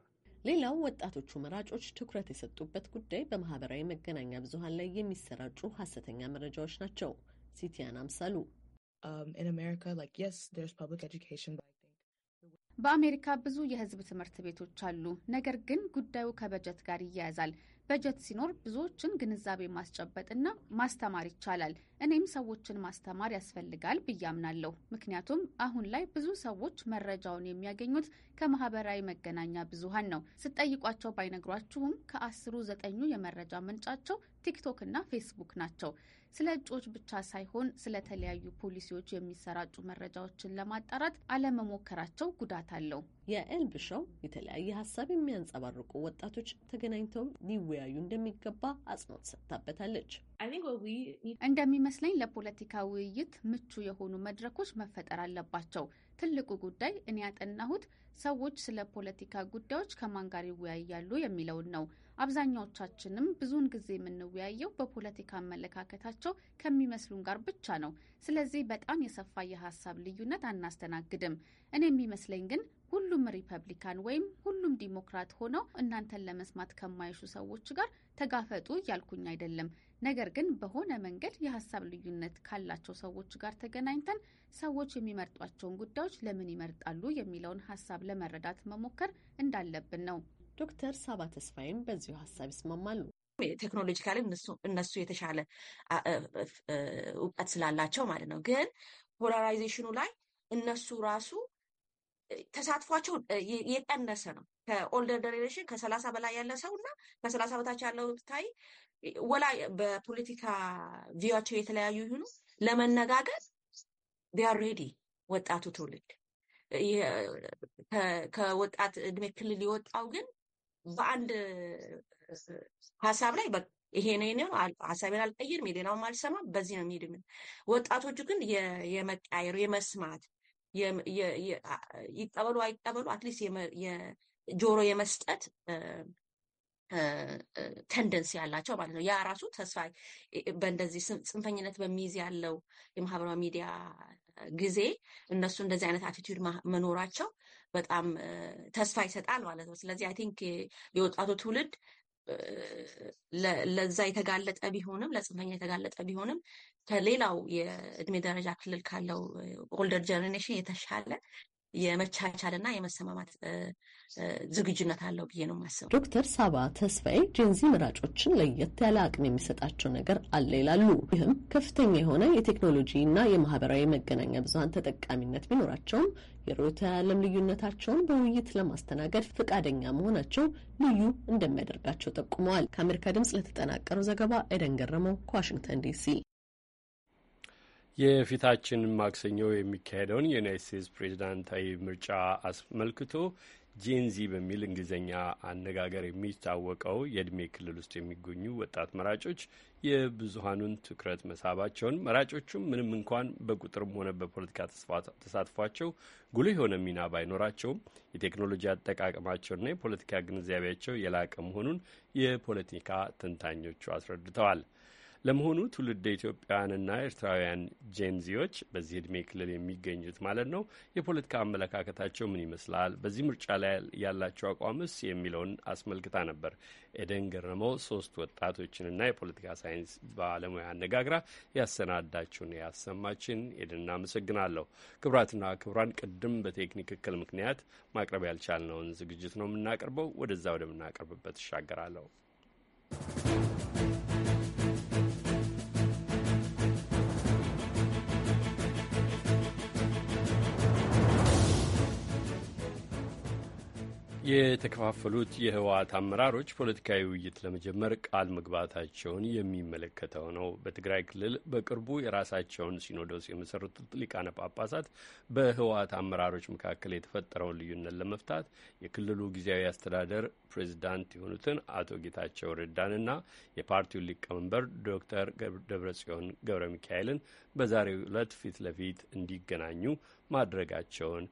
ሌላው ወጣቶቹ መራጮች ትኩረት የሰጡበት ጉዳይ በማህበራዊ መገናኛ ብዙሀን ላይ የሚሰራጩ ሀሰተኛ መረጃዎች ናቸው። ሲቲያን አምሳሉ um,
በአሜሪካ ብዙ የህዝብ ትምህርት ቤቶች አሉ። ነገር ግን ጉዳዩ ከበጀት ጋር ይያያዛል። በጀት ሲኖር ብዙዎችን ግንዛቤ ማስጨበጥና ማስተማር ይቻላል። እኔም ሰዎችን ማስተማር ያስፈልጋል ብዬ አምናለሁ። ምክንያቱም አሁን ላይ ብዙ ሰዎች መረጃውን የሚያገኙት ከማህበራዊ መገናኛ ብዙሃን ነው። ስጠይቋቸው ባይነግሯችሁም ከአስሩ ዘጠኙ የመረጃ ምንጫቸው ቲክቶክ እና ፌስቡክ ናቸው። ስለ እጩዎች ብቻ ሳይሆን ስለተለያዩ ፖሊሲዎች የሚሰራጩ መረጃዎችን ለማጣራት አለመሞከራቸው ጉዳት አለው። የኤልብሻው የተለያየ ሀሳብ የሚያንጸባርቁ ወጣቶች ተገናኝተው ሊወያዩ እንደሚገባ አጽንኦት ሰጥታበታለች። እንደሚመስለኝ ለፖለቲካ ውይይት ምቹ የሆኑ መድረኮች መፈጠር አለባቸው። ትልቁ ጉዳይ እኔ ያጠናሁት ሰዎች ስለ ፖለቲካ ጉዳዮች ከማን ጋር ይወያያሉ የሚለውን ነው። አብዛኛዎቻችንም ብዙውን ጊዜ የምንወያየው በፖለቲካ አመለካከታቸው ከሚመስሉን ጋር ብቻ ነው። ስለዚህ በጣም የሰፋ የሀሳብ ልዩነት አናስተናግድም። እኔ የሚመስለኝ ግን ሁሉም ሪፐብሊካን ወይም ሁሉም ዲሞክራት ሆነው እናንተን ለመስማት ከማይሹ ሰዎች ጋር ተጋፈጡ እያልኩኝ አይደለም። ነገር ግን በሆነ መንገድ የሀሳብ ልዩነት ካላቸው ሰዎች ጋር ተገናኝተን ሰዎች የሚመርጧቸውን ጉዳዮች ለምን ይመርጣሉ የሚለውን ሀሳብ ለመረዳት መሞከር እንዳለብን ነው። ዶክተር ሳባ ተስፋዬም በዚሁ ሀሳብ ይስማማሉ። ቴክኖሎጂካሊ እነሱ የተሻለ
እውቀት ስላላቸው ማለት ነው። ግን ፖላራይዜሽኑ ላይ እነሱ ራሱ ተሳትፏቸው የቀነሰ ነው። ከኦልደር ጀኔሬሽን ከሰላሳ በላይ ያለ ሰው እና ከሰላሳ በታች ያለው ታይ ወላ በፖለቲካ ቪዋቸው የተለያዩ ይሁኑ ለመነጋገር ቢያር ሬዲ ወጣቱ ትውልድ ከወጣት እድሜ ክልል የወጣው ግን በአንድ ሀሳብ ላይ ይሄ ነው ነው ሀሳቤን አልቀይርም፣ የሌላውም አልሰማም፣ በዚህ ነው የሚሄድ። ወጣቶቹ ግን የመቀያየሩ የመስማት ይቀበሉ አይቀበሉ አትሊስት ጆሮ የመስጠት ተንደንስ ያላቸው ማለት ነው። ያ ራሱ ተስፋ በእንደዚህ ጽንፈኝነት በሚይዝ ያለው የማህበራዊ ሚዲያ ጊዜ እነሱ እንደዚህ አይነት አቲቱድ መኖራቸው በጣም ተስፋ ይሰጣል ማለት ነው። ስለዚህ አይ ቲንክ የወጣቱ ትውልድ ለዛ የተጋለጠ ቢሆንም ለጽንፈኛ የተጋለጠ ቢሆንም ከሌላው የእድሜ ደረጃ ክልል ካለው ኦልደር ጀኔሬሽን የተሻለ የመቻቻልና የመሰማማት ዝግጁነት አለው ብዬ ነው የማስበው።
ዶክተር ሳባ ተስፋዬ ጄንዚ መራጮችን ለየት ያለ አቅም የሚሰጣቸው ነገር አለ ይላሉ። ይህም ከፍተኛ የሆነ የቴክኖሎጂ እና የማህበራዊ መገናኛ ብዙሀን ተጠቃሚነት ቢኖራቸውም የሮታ ዓለም ልዩነታቸውን በውይይት ለማስተናገድ ፈቃደኛ መሆናቸው ልዩ እንደሚያደርጋቸው ጠቁመዋል። ከአሜሪካ ድምጽ ለተጠናቀረው ዘገባ ኤደን ገረመው ከዋሽንግተን ዲሲ
የፊታችን ማክሰኞ የሚካሄደውን የዩናይት ስቴትስ ፕሬዚዳንታዊ ምርጫ አስመልክቶ ጄንዚ በሚል እንግሊዝኛ አነጋገር የሚታወቀው የእድሜ ክልል ውስጥ የሚገኙ ወጣት መራጮች የብዙሀኑን ትኩረት መሳባቸውን መራጮቹም ምንም እንኳን በቁጥርም ሆነ በፖለቲካ ተሳትፏቸው ጉልህ የሆነ ሚና ባይኖራቸውም የቴክኖሎጂ አጠቃቀማቸውና የፖለቲካ ግንዛቤያቸው የላቀ መሆኑን የፖለቲካ ትንታኞቹ አስረድተዋል። ለመሆኑ ትውልደ ኢትዮጵያውያንና ኤርትራውያን ጄንዚዎች በዚህ ዕድሜ ክልል የሚገኙት ማለት ነው የፖለቲካ አመለካከታቸው ምን ይመስላል? በዚህ ምርጫ ላይ ያላቸው አቋምስ የሚለውን አስመልክታ ነበር። ኤደን ገረመው ሶስት ወጣቶችንና የፖለቲካ ሳይንስ ባለሙያ አነጋግራ ያሰናዳችሁን ያሰማችን። ኤደን አመሰግናለሁ። ክብራትና ክብራን ቅድም በቴክኒክ እክል ምክንያት ማቅረብ ያልቻልነውን ዝግጅት ነው የምናቀርበው። ወደዛ ወደምናቀርብበት እሻገራለሁ። የተከፋፈሉት የህወሓት አመራሮች ፖለቲካዊ ውይይት ለመጀመር ቃል መግባታቸውን የሚመለከተው ነው። በትግራይ ክልል በቅርቡ የራሳቸውን ሲኖዶስ የመሰረቱት ሊቃነ ጳጳሳት በህወሓት አመራሮች መካከል የተፈጠረውን ልዩነት ለመፍታት የክልሉ ጊዜያዊ አስተዳደር ፕሬዚዳንት የሆኑትን አቶ ጌታቸው ረዳንና የፓርቲውን ሊቀመንበር ዶክተር ደብረጽዮን ገብረ ሚካኤልን በዛሬው ዕለት ፊት ለፊት እንዲገናኙ ማድረጋቸውን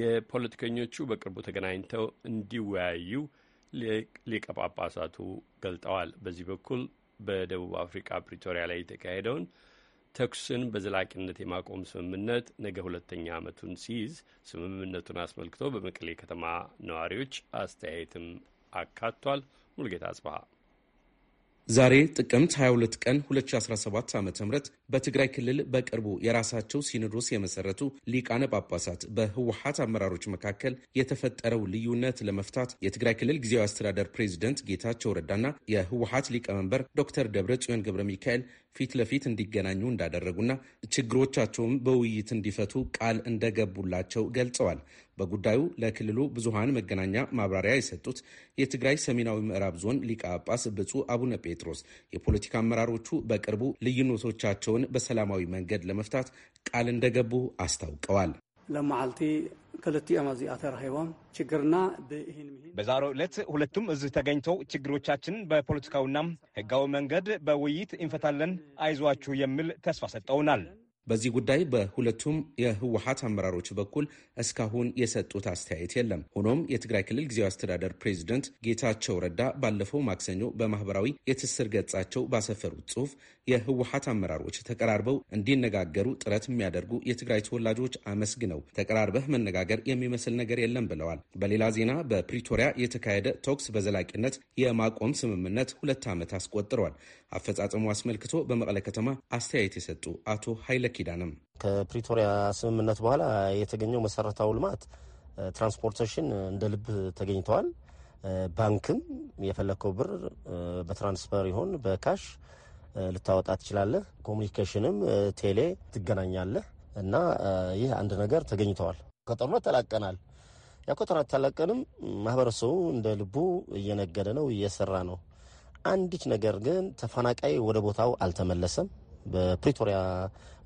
የፖለቲከኞቹ በቅርቡ ተገናኝተው እንዲወያዩ ሊቀ ጳጳሳቱ ገልጠዋል። በዚህ በኩል በደቡብ አፍሪካ ፕሪቶሪያ ላይ የተካሄደውን ተኩስን በዘላቂነት የማቆም ስምምነት ነገ ሁለተኛ ዓመቱን ሲይዝ ስምምነቱን አስመልክቶ በመቀሌ ከተማ ነዋሪዎች አስተያየትም አካቷል። ሙልጌታ
አጽበሃ ዛሬ ጥቅምት 22 ቀን 2017 ዓ ም በትግራይ ክልል በቅርቡ የራሳቸው ሲኖዶስ የመሰረቱ ሊቃነ ጳጳሳት በህወሀት አመራሮች መካከል የተፈጠረው ልዩነት ለመፍታት የትግራይ ክልል ጊዜያዊ አስተዳደር ፕሬዚደንት ጌታቸው ረዳና የህወሀት ሊቀመንበር ዶክተር ደብረ ጽዮን ገብረ ሚካኤል ፊት ለፊት እንዲገናኙ እንዳደረጉና ችግሮቻቸውም በውይይት እንዲፈቱ ቃል እንደገቡላቸው ገልጸዋል። በጉዳዩ ለክልሉ ብዙሃን መገናኛ ማብራሪያ የሰጡት የትግራይ ሰሜናዊ ምዕራብ ዞን ሊቀ ጳጳስ ብፁዕ አቡነ ጴጥሮስ የፖለቲካ አመራሮቹ በቅርቡ ልዩነቶቻቸውን በሰላማዊ መንገድ ለመፍታት ቃል እንደገቡ አስታውቀዋል።
ለመዓልቲ ክልቲኦም እዚኣ ተራኺቦም ችግርና ብሂን
በዛሬው ዕለት ሁለቱም እዚህ ተገኝተው ችግሮቻችን በፖለቲካውና ሕጋዊ መንገድ በውይይት እንፈታለን፣ አይዟችሁ የሚል ተስፋ ሰጠውናል።
በዚህ ጉዳይ በሁለቱም የህወሀት አመራሮች በኩል እስካሁን የሰጡት አስተያየት የለም። ሆኖም የትግራይ ክልል ጊዜያዊ አስተዳደር ፕሬዚደንት ጌታቸው ረዳ ባለፈው ማክሰኞ በማህበራዊ የትስስር ገጻቸው ባሰፈሩት ጽሁፍ የህወሀት አመራሮች ተቀራርበው እንዲነጋገሩ ጥረት የሚያደርጉ የትግራይ ተወላጆች አመስግነው ተቀራርበህ መነጋገር የሚመስል ነገር የለም ብለዋል። በሌላ ዜና በፕሪቶሪያ የተካሄደ ተኩስ በዘላቂነት የማቆም ስምምነት ሁለት ዓመት አስቆጥሯል አፈጻጸሙ አስመልክቶ በመቀለ ከተማ አስተያየት የሰጡ አቶ ኃይለ ኪዳንም ከፕሪቶሪያ ስምምነት በኋላ የተገኘው መሰረታዊ ልማት
ትራንስፖርቴሽን እንደ ልብ ተገኝተዋል። ባንክም የፈለግከው ብር በትራንስፈር ይሆን በካሽ ልታወጣ ትችላለህ። ኮሚኒኬሽንም ቴሌ ትገናኛለህ እና ይህ አንድ ነገር ተገኝተዋል። ከጦርነት ተላቀናል። ያ ከጦርነት ተላቀንም ማህበረሰቡ እንደ ልቡ እየነገደ ነው፣ እየሰራ ነው። አንዲት ነገር ግን ተፈናቃይ ወደ ቦታው አልተመለሰም። በፕሪቶሪያ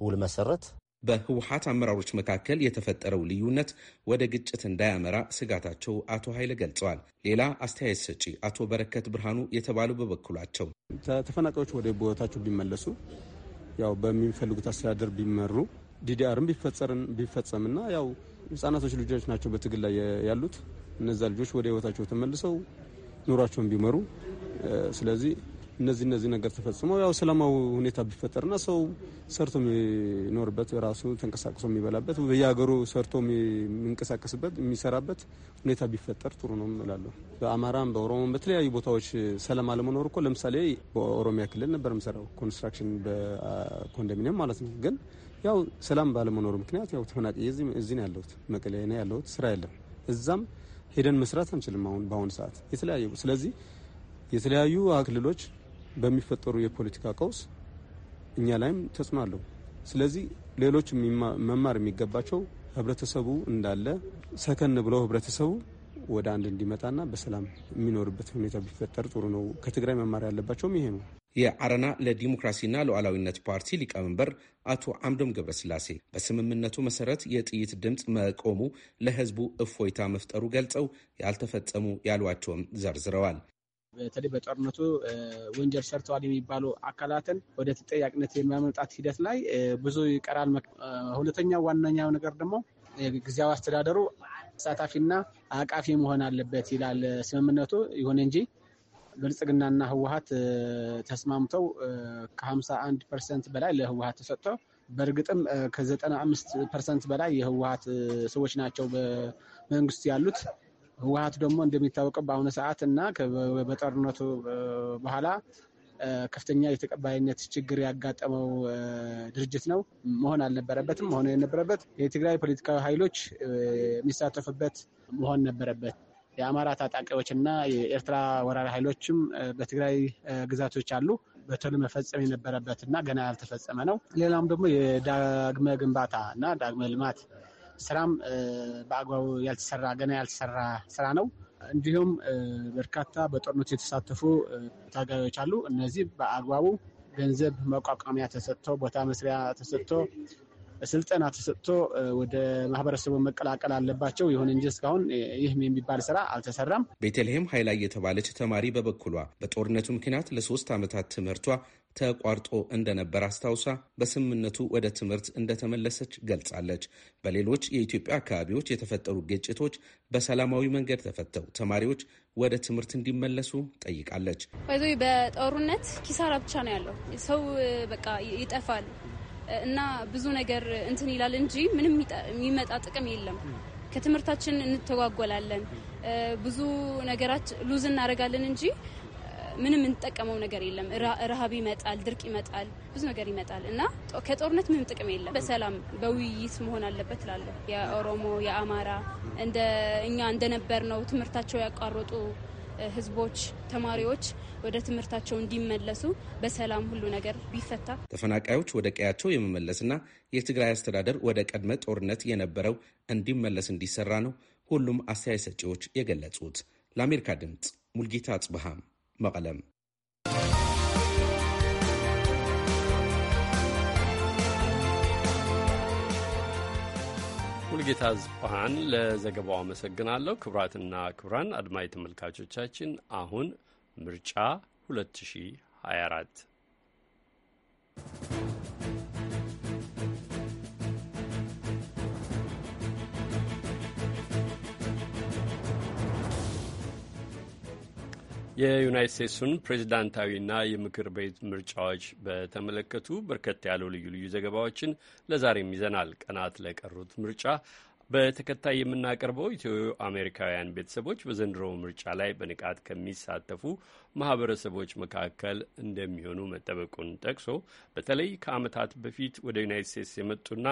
ውል መሰረት በህወሀት አመራሮች መካከል የተፈጠረው ልዩነት ወደ ግጭት እንዳያመራ ስጋታቸው አቶ ኃይለ ገልጸዋል። ሌላ አስተያየት ሰጪ አቶ በረከት ብርሃኑ የተባሉ በበኩላቸው ተፈናቃዮች ወደ ቦታቸው ቢመለሱ ያው
በሚፈልጉት አስተዳደር ቢመሩ ዲዲአርም ቢፈጸምና ያው ህጻናቶች ልጆች ናቸው በትግል ላይ ያሉት እነዛ ልጆች ወደ ህይወታቸው ተመልሰው ኑሯቸውን ቢመሩ ስለዚህ እነዚህ እነዚህ ነገር ተፈጽመው ያው ሰላማዊ ሁኔታ ቢፈጠርና ሰው ሰርቶ የሚኖርበት ራሱ ተንቀሳቅሶ የሚበላበት በየሀገሩ ሰርቶ የሚንቀሳቀስበት የሚሰራበት ሁኔታ ቢፈጠር ጥሩ ነው እላለሁ። በአማራም በኦሮሞም በተለያዩ ቦታዎች ሰላም አለመኖር እኮ ለምሳሌ በኦሮሚያ ክልል ነበር የምሰራው ኮንስትራክሽን በኮንዶሚኒየም ማለት ነው። ግን ያው ሰላም ባለመኖሩ ምክንያት ያው ተፈናቅዬ እዚህ ነው ያለሁት፣ መቀሌ ነው ያለሁት። ስራ የለም እዛም ሄደን መስራት አንችልም አሁን በአሁኑ ሰዓት የተለያዩ ስለዚህ የተለያዩ ክልሎች በሚፈጠሩ የፖለቲካ ቀውስ እኛ ላይም ተጽዕኖ አለው። ስለዚህ ሌሎች መማር የሚገባቸው ህብረተሰቡ እንዳለ ሰከን ብለው ህብረተሰቡ ወደ አንድ እንዲመጣና በሰላም የሚኖርበት ሁኔታ ቢፈጠር ጥሩ
ነው። ከትግራይ መማር ያለባቸውም ይሄ ነው። የአረና ለዲሞክራሲና ለዓላዊነት ፓርቲ ሊቀመንበር አቶ አምዶም ገብረስላሴ በስምምነቱ መሰረት የጥይት ድምፅ መቆሙ ለህዝቡ እፎይታ መፍጠሩ ገልጸው ያልተፈጸሙ ያሏቸውም ዘርዝረዋል።
በተለይ በጦርነቱ ወንጀል ሰርተዋል የሚባሉ አካላትን ወደ ተጠያቂነት የሚያመጣት ሂደት ላይ ብዙ ይቀራል። ሁለተኛው ዋነኛው ነገር ደግሞ ጊዜያዊ አስተዳደሩ ተሳታፊና አቃፊ መሆን አለበት ይላል ስምምነቱ። ይሁን እንጂ ብልጽግናና ህወሀት ተስማምተው ከ51 ፐርሰንት በላይ ለህወሀት ተሰጥቶ በእርግጥም ከ95 ፐርሰንት በላይ የህወሀት ሰዎች ናቸው በመንግስት ያሉት ህወሀት ደግሞ እንደሚታወቀው በአሁኑ ሰዓት እና በጦርነቱ በኋላ ከፍተኛ የተቀባይነት ችግር ያጋጠመው ድርጅት ነው። መሆን አልነበረበትም። መሆን የነበረበት የትግራይ ፖለቲካዊ ኃይሎች የሚሳተፉበት መሆን ነበረበት። የአማራ ታጣቂዎች እና የኤርትራ ወራሪ ኃይሎችም በትግራይ ግዛቶች አሉ። በቶሎ መፈጸም የነበረበት እና ገና ያልተፈጸመ ነው። ሌላም ደግሞ የዳግመ ግንባታ እና ዳግመ ልማት ስራም በአግባቡ ያልተሰራ ገና ያልተሰራ ስራ ነው። እንዲሁም በርካታ በጦርነቱ የተሳተፉ ታጋዮች አሉ። እነዚህ በአግባቡ ገንዘብ መቋቋሚያ ተሰጥቶ፣ ቦታ መስሪያ ተሰጥቶ፣ ስልጠና ተሰጥቶ ወደ ማህበረሰቡ መቀላቀል አለባቸው። ይሁን እንጂ እስካሁን ይህም የሚባል ስራ አልተሰራም።
ቤተልሔም ሀይላይ የተባለች ተማሪ በበኩሏ በጦርነቱ ምክንያት ለሶስት ዓመታት ትምህርቷ ተቋርጦ እንደነበር አስታውሳ በስምምነቱ ወደ ትምህርት እንደተመለሰች ገልጻለች። በሌሎች የኢትዮጵያ አካባቢዎች የተፈጠሩ ግጭቶች በሰላማዊ መንገድ ተፈተው ተማሪዎች ወደ ትምህርት እንዲመለሱ ጠይቃለች።
ይዞ በጦርነት ኪሳራ ብቻ ነው ያለው። ሰው በቃ ይጠፋል እና ብዙ ነገር እንትን ይላል እንጂ ምንም የሚመጣ ጥቅም የለም። ከትምህርታችን እንተጓጎላለን፣ ብዙ ነገራች ሉዝ እናደርጋለን እንጂ ምንም የምንጠቀመው ነገር የለም። ረሃብ ይመጣል፣ ድርቅ ይመጣል፣ ብዙ ነገር ይመጣል እና ከጦርነት ምንም ጥቅም የለም። በሰላም በውይይት መሆን አለበት እላለሁ። የኦሮሞ የአማራ እንደ እኛ እንደነበር ነው ትምህርታቸው ያቋረጡ ህዝቦች ተማሪዎች ወደ ትምህርታቸው እንዲመለሱ በሰላም ሁሉ ነገር ቢፈታ
ተፈናቃዮች ወደ ቀያቸው የመመለስና የትግራይ አስተዳደር ወደ ቀድመ ጦርነት የነበረው እንዲመለስ እንዲሰራ ነው ሁሉም አስተያየት ሰጪዎች የገለጹት። ለአሜሪካ ድምፅ ሙልጌታ አጽብሃም መቐለም
ሙልጌታ ጽብሃን ለዘገባው አመሰግናለሁ። ክቡራትና ክቡራን አድማጭ ተመልካቾቻችን አሁን ምርጫ 2024 የዩናይት ስቴትሱን ፕሬዚዳንታዊና የምክር ቤት ምርጫዎች በተመለከቱ በርከት ያሉ ልዩ ልዩ ዘገባዎችን ለዛሬም ይዘናል። ቀናት ለቀሩት ምርጫ በተከታይ የምናቀርበው ኢትዮ አሜሪካውያን ቤተሰቦች በዘንድሮ ምርጫ ላይ በንቃት ከሚሳተፉ ማህበረሰቦች መካከል እንደሚሆኑ መጠበቁን ጠቅሶ በተለይ ከዓመታት በፊት ወደ ዩናይት ስቴትስ የመጡና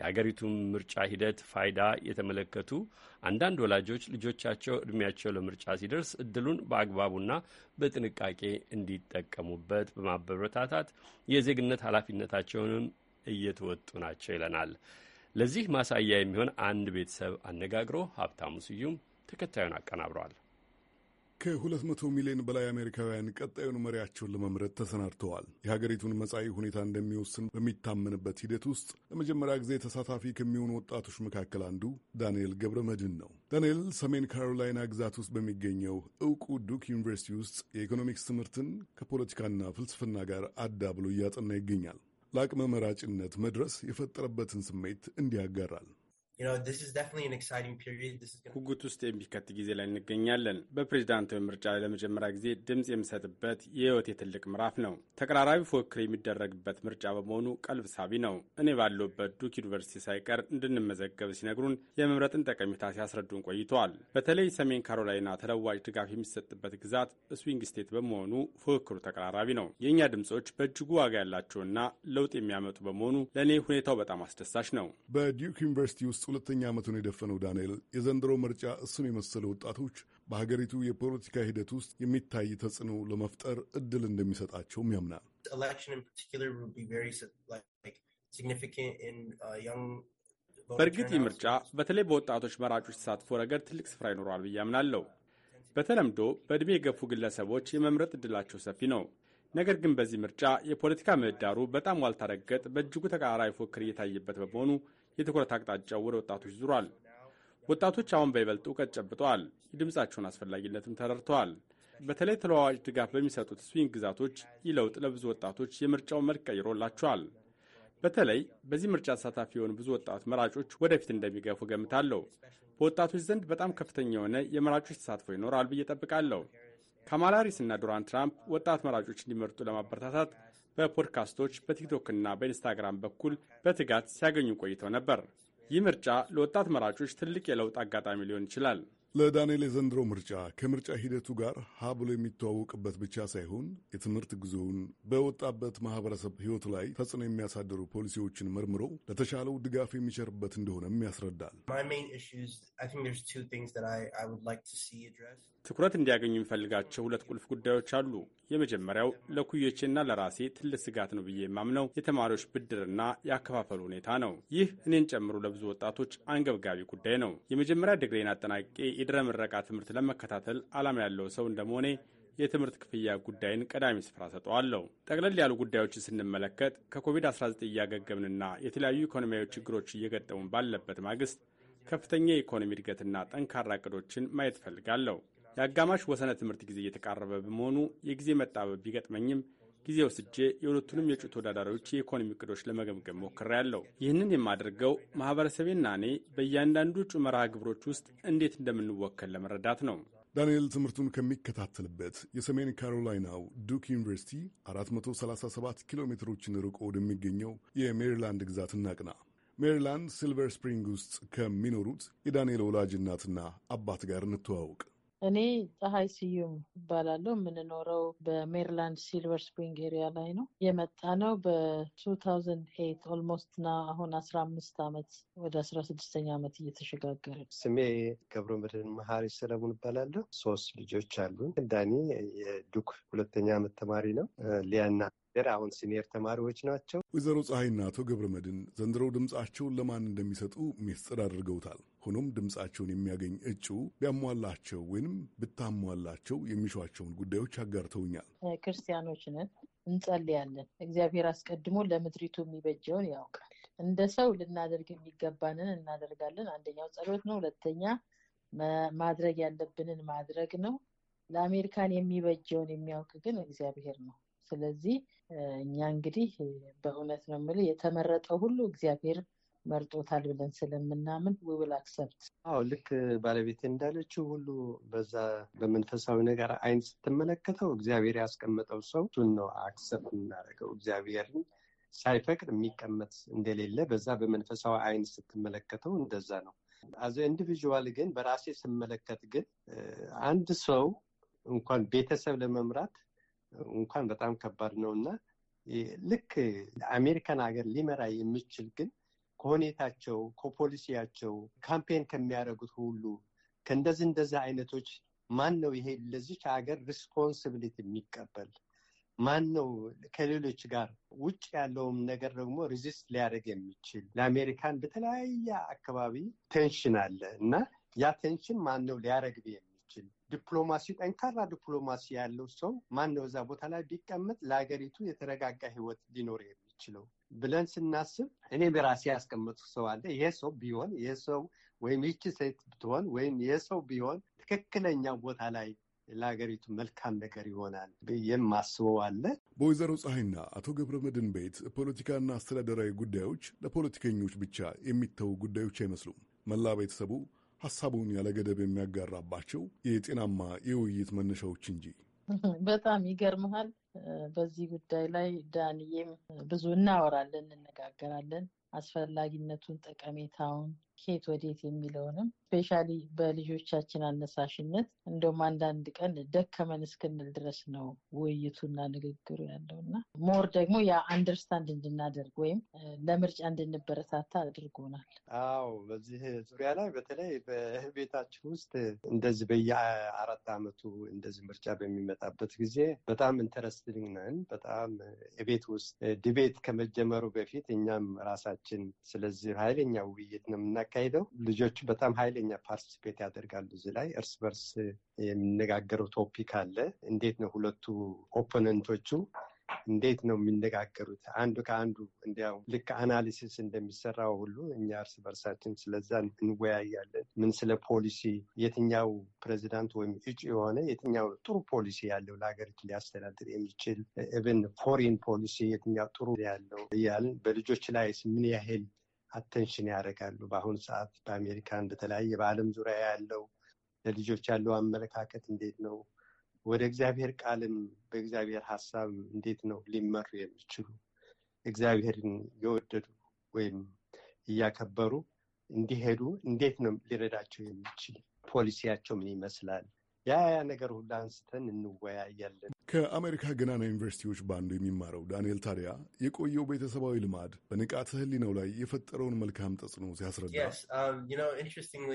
የአገሪቱን ምርጫ ሂደት ፋይዳ የተመለከቱ አንዳንድ ወላጆች ልጆቻቸው እድሜያቸው ለምርጫ ሲደርስ እድሉን በአግባቡና በጥንቃቄ እንዲጠቀሙበት በማበረታታት የዜግነት ኃላፊነታቸውንም እየተወጡ ናቸው ይለናል። ለዚህ ማሳያ የሚሆን አንድ ቤተሰብ አነጋግሮ ሀብታሙ ስዩም ተከታዩን አቀናብረዋል።
ከ200 ሚሊዮን በላይ አሜሪካውያን ቀጣዩን መሪያቸውን ለመምረጥ ተሰናድተዋል። የሀገሪቱን መጻኢ ሁኔታ እንደሚወስን በሚታመንበት ሂደት ውስጥ ለመጀመሪያ ጊዜ ተሳታፊ ከሚሆኑ ወጣቶች መካከል አንዱ ዳንኤል ገብረ መድህን ነው። ዳንኤል ሰሜን ካሮላይና ግዛት ውስጥ በሚገኘው እውቁ ዱክ ዩኒቨርሲቲ ውስጥ የኢኮኖሚክስ ትምህርትን ከፖለቲካና ፍልስፍና ጋር አዳብሎ እያጠና ይገኛል። ለአቅመ መራጭነት መድረስ የፈጠረበትን ስሜት እንዲያጋራል።
ጉጉት ውስጥ የሚከት ጊዜ ላይ እንገኛለን። በፕሬዚዳንታዊ ምርጫ ለመጀመሪያ ጊዜ ድምፅ የምሰጥበት የህይወቴ ትልቅ ምዕራፍ ነው። ተቀራራቢ ፉክክር የሚደረግበት ምርጫ በመሆኑ ቀልብ ሳቢ ነው። እኔ ባለውበት ዱክ ዩኒቨርሲቲ ሳይቀር እንድንመዘገብ ሲነግሩን የመምረጥን ጠቀሜታ ሲያስረዱን ቆይተዋል። በተለይ ሰሜን ካሮላይና ተለዋጭ ድጋፍ የሚሰጥበት ግዛት ስዊንግ ስቴት በመሆኑ ፉክክሩ ተቀራራቢ ነው። የእኛ ድምፆች በእጅጉ ዋጋ ያላቸውና ለውጥ የሚያመጡ በመሆኑ ለእኔ ሁኔታው በጣም አስደሳች ነው።
በዱክ ዩኒቨርሲቲ ውስጥ ሁለተኛ ዓመቱን የደፈነው ዳንኤል የዘንድሮ ምርጫ እሱን የመሰለ ወጣቶች በሀገሪቱ የፖለቲካ ሂደት ውስጥ የሚታይ ተጽዕኖ ለመፍጠር እድል እንደሚሰጣቸውም ያምናል።
uh, በእርግጥ ይህ ምርጫ
በተለይ በወጣቶች መራጮች ተሳትፎ ረገድ ትልቅ ስፍራ ይኖረዋል ብዬ አምናለሁ። በተለምዶ በዕድሜ የገፉ ግለሰቦች የመምረጥ ዕድላቸው ሰፊ ነው። ነገር ግን በዚህ ምርጫ የፖለቲካ ምህዳሩ በጣም ዋልታረገጥ በእጅጉ ተቃራኒ ፉክክር እየታየበት በመሆኑ የትኩረት አቅጣጫው ወደ ወጣቶች ዙሯል። ወጣቶች አሁን በይበልጥ እውቀት ጨብጠዋል። የድምፃቸውን አስፈላጊነትም ተረድተዋል። በተለይ ተለዋዋጭ ድጋፍ በሚሰጡት ስዊንግ ግዛቶች ይህ ለውጥ ለብዙ ወጣቶች የምርጫውን መልክ ቀይሮላቸዋል። በተለይ በዚህ ምርጫ ተሳታፊ የሆኑ ብዙ ወጣት መራጮች ወደፊት እንደሚገፉ ገምታለሁ። በወጣቶች ዘንድ በጣም ከፍተኛ የሆነ የመራጮች ተሳትፎ ይኖራል ብዬ ጠብቃለሁ። ካማላ ሃሪስ እና ዶናልድ ትራምፕ ወጣት መራጮች እንዲመርጡ ለማበረታታት በፖድካስቶች በቲክቶክና በኢንስታግራም በኩል በትጋት ሲያገኙ ቆይተው ነበር። ይህ ምርጫ ለወጣት መራጮች ትልቅ የለውጥ አጋጣሚ ሊሆን ይችላል።
ለዳንኤል የዘንድሮ ምርጫ ከምርጫ ሂደቱ ጋር ሀ ብሎ የሚተዋወቅበት ብቻ ሳይሆን የትምህርት ጉዞውን በወጣበት ማህበረሰብ ሕይወት ላይ ተጽዕኖ የሚያሳድሩ ፖሊሲዎችን መርምሮ ለተሻለው ድጋፍ የሚቸርበት እንደሆነም ያስረዳል። ትኩረት እንዲያገኙ የሚፈልጋቸው ሁለት ቁልፍ ጉዳዮች
አሉ። የመጀመሪያው ለኩዮቼና ለራሴ ትልቅ ስጋት ነው ብዬ የማምነው የተማሪዎች ብድርና የአከፋፈል ሁኔታ ነው። ይህ እኔን ጨምሮ ለብዙ ወጣቶች አንገብጋቢ ጉዳይ ነው። የመጀመሪያ ድግሬን አጠናቅቄ የድረ ምረቃ ትምህርት ለመከታተል ዓላማ ያለው ሰው እንደመሆኔ የትምህርት ክፍያ ጉዳይን ቀዳሚ ስፍራ ሰጠዋለሁ። ጠቅለል ያሉ ጉዳዮችን ስንመለከት ከኮቪድ-19 እያገገምንና የተለያዩ ኢኮኖሚያዊ ችግሮች እየገጠሙን ባለበት ማግስት ከፍተኛ የኢኮኖሚ እድገትና ጠንካራ እቅዶችን ማየት እፈልጋለሁ። የአጋማሽ ወሰነ ትምህርት ጊዜ እየተቃረበ በመሆኑ የጊዜ መጣበብ ቢገጥመኝም ጊዜ ወስጄ የሁለቱንም የእጩ ተወዳዳሪዎች የኢኮኖሚ እቅዶች ለመገምገም ሞክሬያለሁ። ይህንን የማደርገው ማህበረሰቤና እኔ በእያንዳንዱ እጩ መርሃ ግብሮች ውስጥ እንዴት እንደምንወከል ለመረዳት ነው።
ዳንኤል ትምህርቱን ከሚከታተልበት የሰሜን ካሮላይናው ዱክ ዩኒቨርሲቲ 437 ኪሎ ሜትሮችን ርቆ ወደሚገኘው የሜሪላንድ ግዛት እናቅና። ሜሪላንድ ሲልቨር ስፕሪንግ ውስጥ ከሚኖሩት የዳንኤል ወላጅ እናትና አባት ጋር እንተዋውቅ።
እኔ ፀሐይ ስዩም እባላለሁ። የምንኖረው በሜሪላንድ ሲልቨር ስፕሪንግ ኤሪያ ላይ ነው። የመጣ ነው በ2008 ኦልሞስት ና አሁን አስራ አምስት አመት ወደ አስራ ስድስተኛ አመት እየተሸጋገረ
ስሜ ገብረ መድህን መሀሪ ሰለሞን እባላለሁ። ሶስት ልጆች አሉን። ዳኒ የዱክ ሁለተኛ አመት ተማሪ ነው። ሊያና አሁን ሲኒየር ተማሪዎች ናቸው።
ወይዘሮ ፀሐይና አቶ ገብረ መድህን ዘንድሮ ድምፃቸውን ለማን እንደሚሰጡ ሚስጥር አድርገውታል። ሆኖም ድምፃቸውን የሚያገኝ እጩ ቢያሟላቸው ወይንም ብታሟላቸው የሚሿቸውን ጉዳዮች አጋርተውኛል።
ክርስቲያኖች ነን፣ እንጸልያለን። እግዚአብሔር አስቀድሞ ለምድሪቱ የሚበጀውን ያውቃል። እንደ ሰው ልናደርግ የሚገባንን እናደርጋለን። አንደኛው ጸሎት ነው። ሁለተኛ ማድረግ ያለብንን ማድረግ ነው። ለአሜሪካን የሚበጀውን የሚያውቅ ግን እግዚአብሔር ነው። ስለዚህ እኛ እንግዲህ በእውነት ነው የምልህ የተመረጠው ሁሉ እግዚአብሔር መርጦታል ብለን ስለምናምን ውብል አክሰፕት።
አዎ ልክ ባለቤት እንዳለችው ሁሉ በዛ በመንፈሳዊ ነገር አይን ስትመለከተው እግዚአብሔር ያስቀመጠው ሰው እሱን ነው አክሰፕት የምናደርገው። እግዚአብሔርን ሳይፈቅድ የሚቀመጥ እንደሌለ በዛ በመንፈሳዊ አይን ስትመለከተው እንደዛ ነው። አዘ ኢንዲቪዥዋል ግን በራሴ ስመለከት ግን አንድ ሰው እንኳን ቤተሰብ ለመምራት እንኳን በጣም ከባድ ነው እና ልክ አሜሪካን ሀገር ሊመራ የሚችል ግን ከሁኔታቸው፣ ከፖሊሲያቸው፣ ካምፔን ከሚያደርጉት ሁሉ ከእንደዚህ እንደዚህ አይነቶች ማን ነው ይሄ ለዚች ሀገር ሪስፖንሲቢሊቲ የሚቀበል ማን ነው? ከሌሎች ጋር ውጭ ያለውም ነገር ደግሞ ሪዚስት ሊያደርግ የሚችል ለአሜሪካን በተለያየ አካባቢ ቴንሽን አለ እና ያ ቴንሽን ማን ነው ሊያረግብ የሚችል ዲፕሎማሲ፣ ጠንካራ ዲፕሎማሲ ያለው ሰው ማን ነው እዛ ቦታ ላይ ቢቀመጥ ለሀገሪቱ የተረጋጋ ህይወት ሊኖር የሚችለው? ብለን ስናስብ እኔ በራሴ ያስቀመጡ ሰው አለ። ይሄ ሰው ቢሆን ይሄ ሰው ወይም ይቺ ሴት ብትሆን ወይም ይሄ ሰው ቢሆን ትክክለኛ ቦታ ላይ ለሀገሪቱ መልካም ነገር ይሆናል
ብዬም ማስበው አለ። በወይዘሮ ፀሐይና አቶ ገብረ መድን ቤት ፖለቲካና አስተዳደራዊ ጉዳዮች ለፖለቲከኞች ብቻ የሚተዉ ጉዳዮች አይመስሉም። መላ ቤተሰቡ ሀሳቡን ያለ ገደብ የሚያጋራባቸው የጤናማ የውይይት መነሻዎች እንጂ።
<laughs> በጣም ይገርመሃል። በዚህ ጉዳይ ላይ ዳንዬም ብዙ እናወራለን፣ እንነጋገራለን። አስፈላጊነቱን፣ ጠቀሜታውን ከየት ወዴት የሚለውንም ስፔሻሊ በልጆቻችን አነሳሽነት እንደውም አንዳንድ ቀን ደከመን እስክንል ድረስ ነው ውይይቱና ንግግሩ ያለው እና ሞር ደግሞ ያ አንደርስታንድ እንድናደርግ ወይም ለምርጫ እንድንበረታታ አድርጎናል።
አዎ፣ በዚህ ዙሪያ ላይ በተለይ በቤታችን ውስጥ እንደዚህ በየአራት ዓመቱ እንደዚህ ምርጫ በሚመጣበት ጊዜ በጣም ኢንተረስቲንግ ነን። በጣም የቤት ውስጥ ዲቤት ከመጀመሩ በፊት እኛም ራሳችን ስለዚህ ኃይለኛ ውይይት ነው የሚያካሂደው ልጆቹ በጣም ኃይለኛ ፓርቲስፔት ያደርጋሉ። እዚህ ላይ እርስ በርስ የሚነጋገረው ቶፒክ አለ። እንዴት ነው ሁለቱ ኦፖነንቶቹ እንዴት ነው የሚነጋገሩት? አንዱ ከአንዱ እንዲያው ልክ አናሊሲስ እንደሚሰራው ሁሉ እኛ እርስ በርሳችን ስለዛ እንወያያለን። ምን ስለ ፖሊሲ የትኛው ፕሬዚዳንት ወይም እጩ የሆነ የትኛው ጥሩ ፖሊሲ ያለው ለሀገሪቱ ሊያስተዳድር የሚችል ኢቨን ፎሪን ፖሊሲ የትኛው ጥሩ ያለው እያልን በልጆች ላይ ምን ያህል አቴንሽን ያደርጋሉ። በአሁኑ ሰዓት በአሜሪካን በተለያየ በዓለም ዙሪያ ያለው ለልጆች ያለው አመለካከት እንዴት ነው? ወደ እግዚአብሔር ቃልም በእግዚአብሔር ሀሳብ እንዴት ነው ሊመሩ የሚችሉ እግዚአብሔርን የወደዱ ወይም እያከበሩ እንዲሄዱ እንዴት ነው ሊረዳቸው የሚችል ፖሊሲያቸው ምን ይመስላል? ያ ያ ነገር ሁሉ አንስተን እንወያያለን።
ከአሜሪካ ገናና ዩኒቨርሲቲዎች በአንዱ የሚማረው ዳንኤል ታዲያ የቆየው ቤተሰባዊ ልማድ በንቃተ ሕሊናው ላይ የፈጠረውን መልካም ተጽዕኖ ሲያስረዳ፣
um,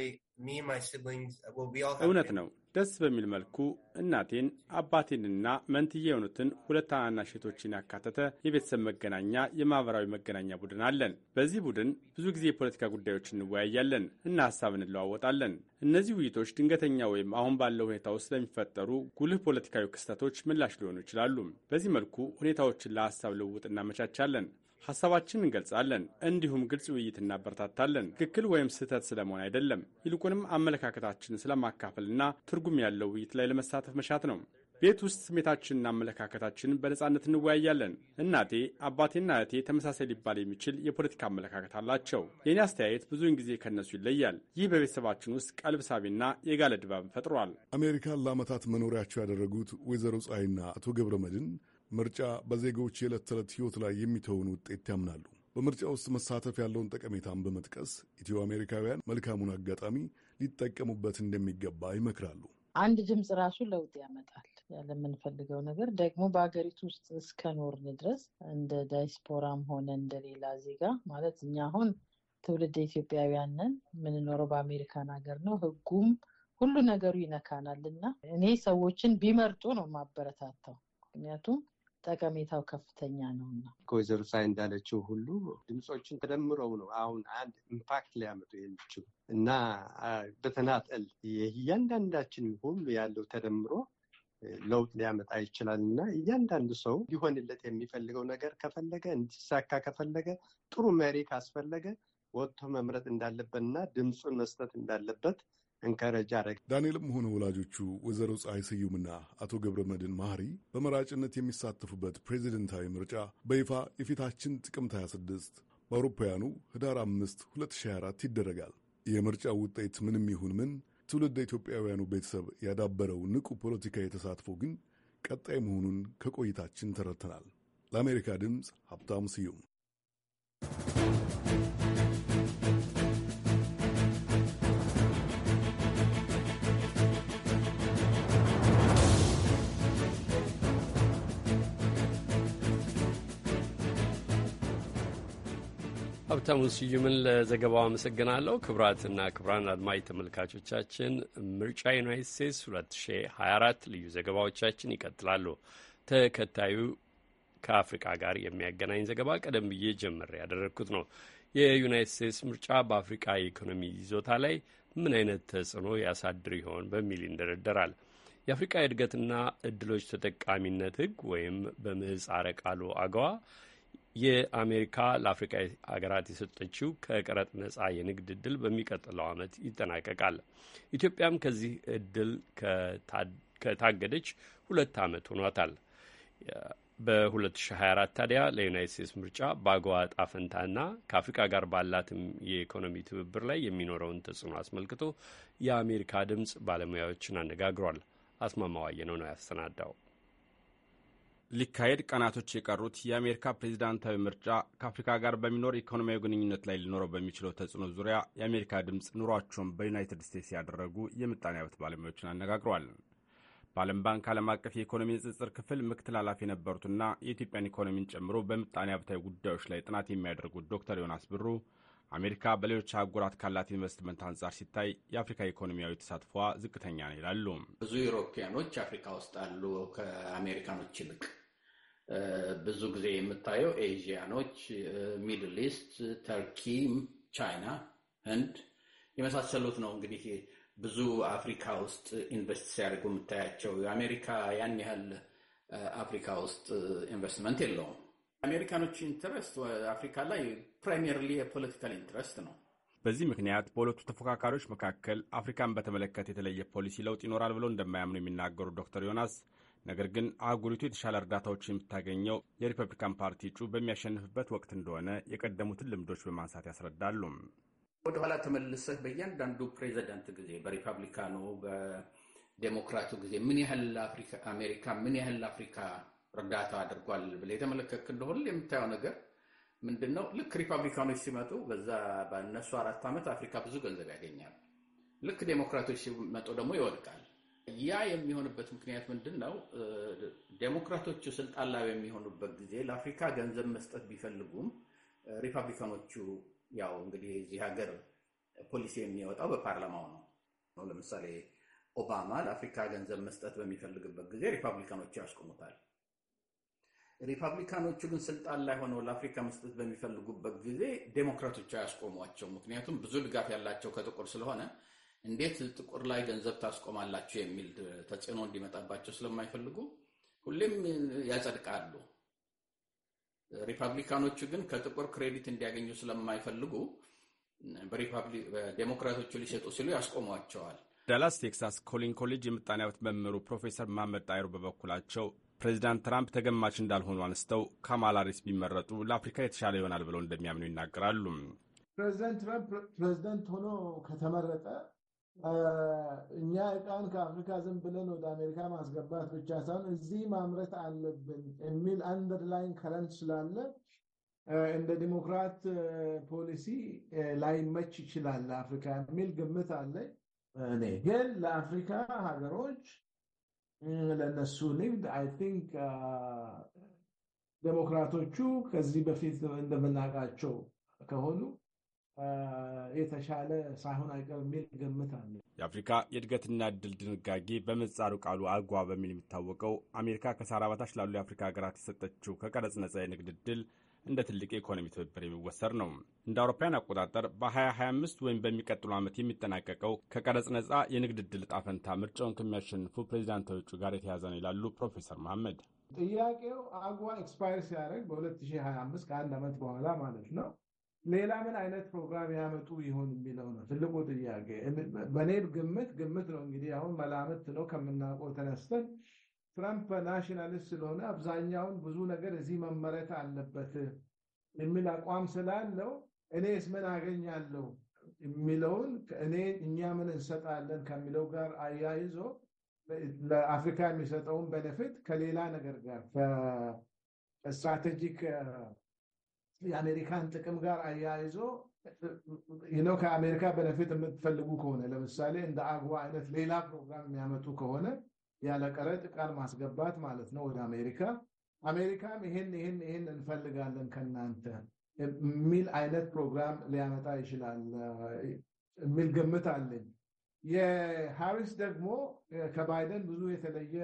እውነት
ነው ደስ በሚል መልኩ እናቴን አባቴንና መንትዬ የሆኑትን ሁለት ታናናሽ እህቶችን ያካተተ የቤተሰብ መገናኛ የማህበራዊ መገናኛ ቡድን አለን። በዚህ ቡድን ብዙ ጊዜ የፖለቲካ ጉዳዮች እንወያያለን እና ሀሳብ እንለዋወጣለን። እነዚህ ውይይቶች ድንገተኛ ወይም አሁን ባለው ሁኔታ ውስጥ ለሚፈጠሩ ጉልህ ፖለቲካዊ ክስተቶች ምላሽ ሊሆኑ ይችላሉ። በዚህ መልኩ ሁኔታዎችን ለሀሳብ ልውውጥ እናመቻቻለን። ሀሳባችን እንገልጻለን። እንዲሁም ግልጽ ውይይት እናበረታታለን። ትክክል ወይም ስህተት ስለመሆን አይደለም፣ ይልቁንም አመለካከታችን ስለማካፈልና ትርጉም ያለው ውይይት ላይ ለመሳተፍ መሻት ነው። ቤት ውስጥ ስሜታችንና አመለካከታችንን በነጻነት እንወያያለን። እናቴ አባቴና እህቴ ተመሳሳይ ሊባል የሚችል የፖለቲካ አመለካከት አላቸው። የእኔ አስተያየት ብዙውን ጊዜ ከእነሱ ይለያል። ይህ በቤተሰባችን ውስጥ ቀልብ ሳቢና የጋለ ድባብን ፈጥሯል።
አሜሪካን ለዓመታት መኖሪያቸው ያደረጉት ወይዘሮ ፀሐይና አቶ ገብረ መድን ምርጫ በዜጎች የዕለት ተዕለት ሕይወት ላይ የሚተውን ውጤት ያምናሉ። በምርጫ ውስጥ መሳተፍ ያለውን ጠቀሜታን በመጥቀስ ኢትዮ አሜሪካውያን መልካሙን አጋጣሚ ሊጠቀሙበት እንደሚገባ ይመክራሉ።
አንድ ድምፅ ራሱ ለውጥ ያመጣል። ያለምንፈልገው ነገር ደግሞ በሀገሪቱ ውስጥ እስከኖርን ድረስ እንደ ዳይስፖራም ሆነ እንደሌላ ዜጋ ማለት እኛ አሁን ትውልድ ኢትዮጵያውያን ነን። የምንኖረው በአሜሪካን ሀገር ነው። ህጉም ሁሉ ነገሩ ይነካናል እና እኔ ሰዎችን ቢመርጡ ነው ማበረታታው። ምክንያቱም ጠቀሜታው ከፍተኛ ነውና
ከወይዘሮ ሳይ እንዳለችው ሁሉ ድምፆችን ተደምረው ነው አሁን አንድ ኢምፓክት ሊያመጡ የሚችሉ እና በተናጠል እያንዳንዳችን ሁሉ ያለው ተደምሮ ለውጥ ሊያመጣ ይችላል እና እያንዳንዱ ሰው ሊሆንለት የሚፈልገው ነገር ከፈለገ እንዲሳካ ከፈለገ ጥሩ መሪ ካስፈለገ ወጥቶ መምረጥ እንዳለበት እና ድምፁን መስጠት እንዳለበት
እንከረጅ አረግ ዳንኤልም ሆነ ወላጆቹ ወይዘሮ ፀሐይ ስዩምና አቶ ገብረ መድን ማህሪ በመራጭነት የሚሳተፉበት ፕሬዚደንታዊ ምርጫ በይፋ የፊታችን ጥቅምት 26 በአውሮፓውያኑ ህዳር 5 2024 ይደረጋል። የምርጫው ውጤት ምንም ይሁን ምን ትውልድ ኢትዮጵያውያኑ ቤተሰብ ያዳበረው ንቁ ፖለቲካ የተሳትፎ ግን ቀጣይ መሆኑን ከቆይታችን ተረድተናል። ለአሜሪካ ድምፅ ሀብታም ስዩም
ሀብታሙ ስዩምን ለዘገባው አመሰግናለሁ። ክቡራትና ክቡራን አድማጭ ተመልካቾቻችን ምርጫ ዩናይት ስቴትስ 2024 ልዩ ዘገባዎቻችን ይቀጥላሉ። ተከታዩ ከአፍሪቃ ጋር የሚያገናኝ ዘገባ ቀደም ብዬ ጀምር ያደረግኩት ነው። የዩናይት ስቴትስ ምርጫ በአፍሪቃ የኢኮኖሚ ይዞታ ላይ ምን አይነት ተጽዕኖ ያሳድር ይሆን በሚል ይንደረደራል። የአፍሪቃ የእድገትና እድሎች ተጠቃሚነት ህግ ወይም በምህጻረ ቃሉ አገዋ የአሜሪካ ለአፍሪካ ሀገራት የሰጠችው ከቀረጥ ነጻ የንግድ እድል በሚቀጥለው ዓመት ይጠናቀቃል። ኢትዮጵያም ከዚህ እድል ከታገደች ሁለት ዓመት ሆኗታል። በ2024 ታዲያ ለዩናይት ስቴትስ ምርጫ በአገዋ ዕጣ ከአፍሪካ ጋር ባላትም የኢኮኖሚ ትብብር ላይ የሚኖረውን ተጽዕኖ አስመልክቶ የአሜሪካ ድምፅ ባለሙያዎችን አነጋግሯል። አስማማዋየ ነው ነው ያሰናዳው።
ሊካሄድ ቀናቶች የቀሩት የአሜሪካ ፕሬዚዳንታዊ ምርጫ ከአፍሪካ ጋር በሚኖር ኢኮኖሚያዊ ግንኙነት ላይ ሊኖረው በሚችለው ተጽዕኖ ዙሪያ የአሜሪካ ድምፅ ኑሯቸውን በዩናይትድ ስቴትስ ያደረጉ የምጣኔ ሀብት ባለሙያዎችን አነጋግሯል። በዓለም ባንክ ዓለም አቀፍ የኢኮኖሚ ንጽጽር ክፍል ምክትል ኃላፊ የነበሩትና የኢትዮጵያን ኢኮኖሚን ጨምሮ በምጣኔ ሀብታዊ ጉዳዮች ላይ ጥናት የሚያደርጉት ዶክተር ዮናስ ብሩ አሜሪካ በሌሎች አህጉራት ካላት ኢንቨስትመንት አንጻር ሲታይ የአፍሪካ ኢኮኖሚያዊ ተሳትፏ ዝቅተኛ ነው ይላሉ። ብዙ
ኢሮፓያኖች አፍሪካ ውስጥ አሉ ከአሜሪካኖች ይልቅ ብዙ ጊዜ የምታየው ኤዥያኖች፣ ሚድል ኢስት፣ ተርኪ ቻይና፣ ህንድ የመሳሰሉት ነው። እንግዲህ ብዙ አፍሪካ ውስጥ ኢንቨስት ሲያደርጉ የምታያቸው። የአሜሪካ ያን ያህል አፍሪካ ውስጥ ኢንቨስትመንት የለውም። የአሜሪካኖች ኢንትረስት አፍሪካ ላይ ፕራይሜርሊ የፖለቲካል ኢንትረስት ነው።
በዚህ ምክንያት በሁለቱ ተፎካካሪዎች መካከል አፍሪካን በተመለከተ የተለየ ፖሊሲ ለውጥ ይኖራል ብለው እንደማያምኑ የሚናገሩት ዶክተር ዮናስ ነገር ግን አህጉሪቱ የተሻለ እርዳታዎች የምታገኘው የሪፐብሊካን ፓርቲ እጩ በሚያሸንፍበት ወቅት እንደሆነ የቀደሙትን ልምዶች በማንሳት ያስረዳሉ።
ወደኋላ ተመልሰህ በእያንዳንዱ ፕሬዚደንት ጊዜ በሪፐብሊካኑ በዴሞክራቱ ጊዜ ምን ያህል አሜሪካ ምን ያህል አፍሪካ እርዳታ አድርጓል ብለህ የተመለከክ እንደሆን የምታየው ነገር ምንድን ነው? ልክ ሪፐብሊካኖች ሲመጡ በዛ በእነሱ አራት ዓመት አፍሪካ ብዙ ገንዘብ ያገኛል። ልክ ዴሞክራቶች ሲመጡ ደግሞ ይወድቃል። ያ የሚሆንበት ምክንያት ምንድን ነው? ዴሞክራቶቹ ስልጣን ላይ በሚሆኑበት ጊዜ ለአፍሪካ ገንዘብ መስጠት ቢፈልጉም ሪፐብሊካኖቹ ያው እንግዲህ እዚህ ሀገር ፖሊሲ የሚወጣው በፓርላማው ነው። ለምሳሌ ኦባማ ለአፍሪካ ገንዘብ መስጠት በሚፈልግበት ጊዜ ሪፐብሊካኖቹ ያስቆሙታል። ሪፐብሊካኖቹ ግን ስልጣን ላይ ሆነው ለአፍሪካ መስጠት በሚፈልጉበት ጊዜ ዴሞክራቶቹ አያስቆሟቸው። ምክንያቱም ብዙ ድጋፍ ያላቸው ከጥቁር ስለሆነ እንዴት ጥቁር ላይ ገንዘብ ታስቆማላችሁ የሚል ተጽዕኖ እንዲመጣባቸው ስለማይፈልጉ ሁሌም ያጸድቃሉ። ሪፐብሊካኖቹ ግን ከጥቁር ክሬዲት እንዲያገኙ ስለማይፈልጉ በዴሞክራቶቹ ሊሰጡ ሲሉ ያስቆሟቸዋል።
ዳላስ ቴክሳስ ኮሊን ኮሌጅ የምጣኔ ሀብት መምህሩ ፕሮፌሰር መሐመድ ጣይሩ በበኩላቸው ፕሬዚዳንት ትራምፕ ተገማች እንዳልሆኑ አንስተው ካማላ ሃሪስ ቢመረጡ ለአፍሪካ የተሻለ ይሆናል ብለው እንደሚያምኑ ይናገራሉ።
ፕሬዚዳንት ትራምፕ ፕሬዚዳንት ሆኖ ከተመረጠ እኛ እቃን ከአፍሪካ ዝም ብለን ወደ አሜሪካ ማስገባት ብቻ ሳይሆን እዚህ ማምረት አለብን የሚል አንደርላይን ከረንት ስላለ እንደ ዲሞክራት ፖሊሲ ላይመች ይችላል ለአፍሪካ የሚል ግምት አለ። እኔ ግን ለአፍሪካ ሀገሮች ለነሱ ንግድ አይ ቲንክ ዴሞክራቶቹ ከዚህ በፊት እንደምናውቃቸው ከሆኑ የተሻለ ሳይሆን አይቀር የሚል ግምት አለ።
የአፍሪካ የእድገትና እድል ድንጋጌ በምህጻሩ ቃሉ አጓ በሚል የሚታወቀው አሜሪካ ከሳራ በታች ላሉ የአፍሪካ ሀገራት የሰጠችው ከቀረጽ ነጻ የንግድ እድል እንደ ትልቅ የኢኮኖሚ ትብብር የሚወሰድ ነው። እንደ አውሮፓውያን አቆጣጠር በ2025 ወይም በሚቀጥሉ ዓመት የሚጠናቀቀው ከቀረጽ ነጻ የንግድ እድል ዕጣ ፈንታ ምርጫውን ከሚያሸንፉ ፕሬዚዳንታዊ እጩ ጋር የተያዘ ነው ይላሉ ፕሮፌሰር መሐመድ።
ጥያቄው አጓ ኤክስፓየር ሲያደርግ በ2025 ከአንድ ዓመት በኋላ ማለት ነው ሌላ ምን አይነት ፕሮግራም ያመጡ ይሆን የሚለው ነው ትልቁ ጥያቄ። በእኔ ግምት ግምት ነው እንግዲህ አሁን መላምት ነው ከምናውቀው ተነስተን ትራምፕ ናሽናሊስት ስለሆነ አብዛኛውን ብዙ ነገር እዚህ መመረት አለበት የሚል አቋም ስላለው እኔስ ምን አገኛለሁ የሚለውን እኔ እኛ ምን እንሰጣለን ከሚለው ጋር አያይዞ ለአፍሪካ የሚሰጠውን በነፊት ከሌላ ነገር ጋር ከስትራቴጂክ የአሜሪካን ጥቅም ጋር አያይዞ ነው ከአሜሪካ በነፊት የምትፈልጉ ከሆነ ለምሳሌ እንደ አግዋ አይነት ሌላ ፕሮግራም የሚያመጡ ከሆነ ያለ ቀረጥ ቃል ማስገባት ማለት ነው ወደ አሜሪካ። አሜሪካም ይህን ይህን ይህን እንፈልጋለን ከእናንተ የሚል አይነት ፕሮግራም ሊያመጣ ይችላል የሚል ግምት አለኝ። የሃሪስ ደግሞ ከባይደን ብዙ የተለየ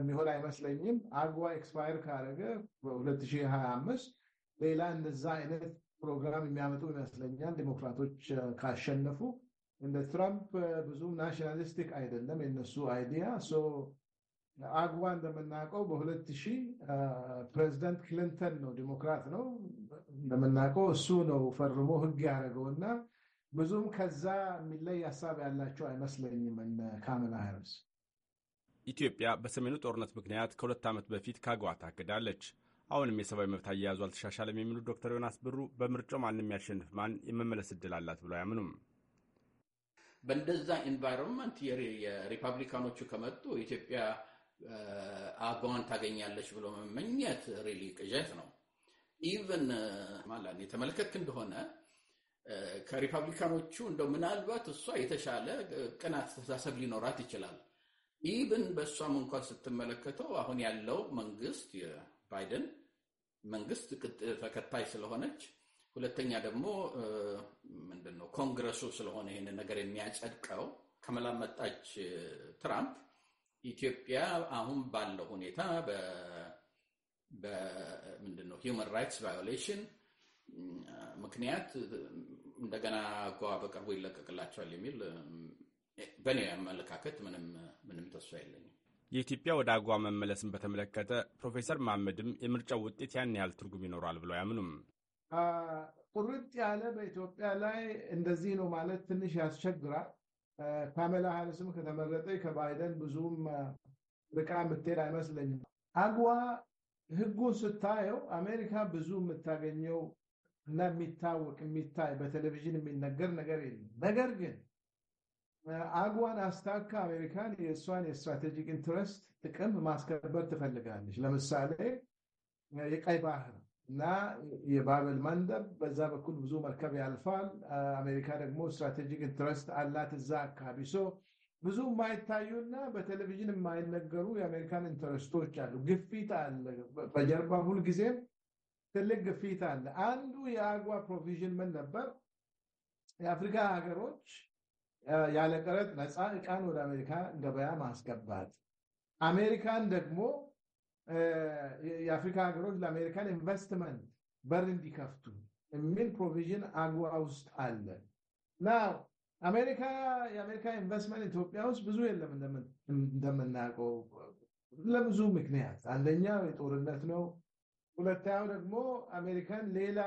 የሚሆን አይመስለኝም። አግዋ ኤክስፓየር ካረገ በ2025 ሌላ እንደዛ አይነት ፕሮግራም የሚያመጡ ይመስለኛል። ዲሞክራቶች ካሸነፉ እንደ ትራምፕ ብዙ ናሽናሊስቲክ አይደለም የነሱ አይዲያ። አግዋ እንደምናውቀው በሁለት ሺህ ፕሬዚደንት ክሊንተን ነው ዲሞክራት ነው እንደምናውቀው እሱ ነው ፈርሞ ህግ ያደረገው እና ብዙም ከዛ የሚለይ ሀሳብ ያላቸው አይመስለኝም ካመላ ሃሪስ።
ኢትዮጵያ በሰሜኑ ጦርነት ምክንያት ከሁለት ዓመት በፊት ከአግዋ ታግዳለች። አሁንም የሰብአዊ መብት አያያዙ አልተሻሻለም የሚሉት ዶክተር ዮናስ ብሩ በምርጫው ማንም የሚያሸንፍ ማን የመመለስ እድል አላት ብለው አያምኑም።
በእንደዛ ኢንቫይሮንመንት የሪፐብሊካኖቹ ከመጡ ኢትዮጵያ አገዋን ታገኛለች ብሎ መመኘት ሪሊ ቅዠት ነው። ኢቨን ማላን የተመለከትክ እንደሆነ ከሪፐብሊካኖቹ እንደው ምናልባት እሷ የተሻለ ቅን አስተሳሰብ ሊኖራት ይችላል። ኢቨን በእሷም እንኳን ስትመለከተው አሁን ያለው መንግስት ባይደን መንግስት ተከታይ ስለሆነች፣ ሁለተኛ ደግሞ ምንድን ነው ኮንግረሱ ስለሆነ ይህንን ነገር የሚያጸድቀው ከመላመጣች ትራምፕ ኢትዮጵያ አሁን ባለው ሁኔታ ምንድን ነው ሂውማን ራይትስ ቫዮሌሽን ምክንያት እንደገና ጓ በቅርቡ ይለቀቅላቸዋል የሚል በእኔ አመለካከት ምንም ተስፋ የለኝም።
የኢትዮጵያ ወደ አገዋ መመለስን በተመለከተ ፕሮፌሰር መሐመድም የምርጫው ውጤት ያን ያህል ትርጉም ይኖራል ብለው አያምኑም።
ቁርጥ ያለ በኢትዮጵያ ላይ እንደዚህ ነው ማለት ትንሽ ያስቸግራል። ካመላ ሃሪስም ከተመረጠች ከባይደን ብዙም ርቃ የምትሄድ አይመስለኝም። አግዋ ህጉን ስታየው አሜሪካ ብዙ የምታገኘው እና የሚታወቅ የሚታይ በቴሌቪዥን የሚነገር ነገር የለም። ነገር ግን አግዋን አስታካ አሜሪካን የእሷን የስትራቴጂክ ኢንትረስት ጥቅም ማስከበር ትፈልጋለች። ለምሳሌ የቀይ ባህር እና የባበል መንደብ በዛ በኩል ብዙ መርከብ ያልፋል። አሜሪካ ደግሞ ስትራቴጂክ ኢንትረስት አላት እዛ አካባቢ። ሶ ብዙ የማይታዩና በቴሌቪዥን የማይነገሩ የአሜሪካን ኢንትረስቶች አሉ። ግፊት አለ በጀርባ ሁልጊዜም ትልቅ ግፊት አለ። አንዱ የአግዋ ፕሮቪዥን ምን ነበር? የአፍሪካ ሀገሮች ያለ ቀረጥ ነፃ እቃን ወደ አሜሪካ ገበያ ማስገባት፣ አሜሪካን ደግሞ የአፍሪካ ሀገሮች ለአሜሪካን ኢንቨስትመንት በር እንዲከፍቱ የሚል ፕሮቪዥን አግዋ ውስጥ አለ እና አሜሪካ የአሜሪካ ኢንቨስትመንት ኢትዮጵያ ውስጥ ብዙ የለም እንደምናውቀው፣ ለብዙ ምክንያት አንደኛው የጦርነት ነው። ሁለተኛው ደግሞ አሜሪካን ሌላ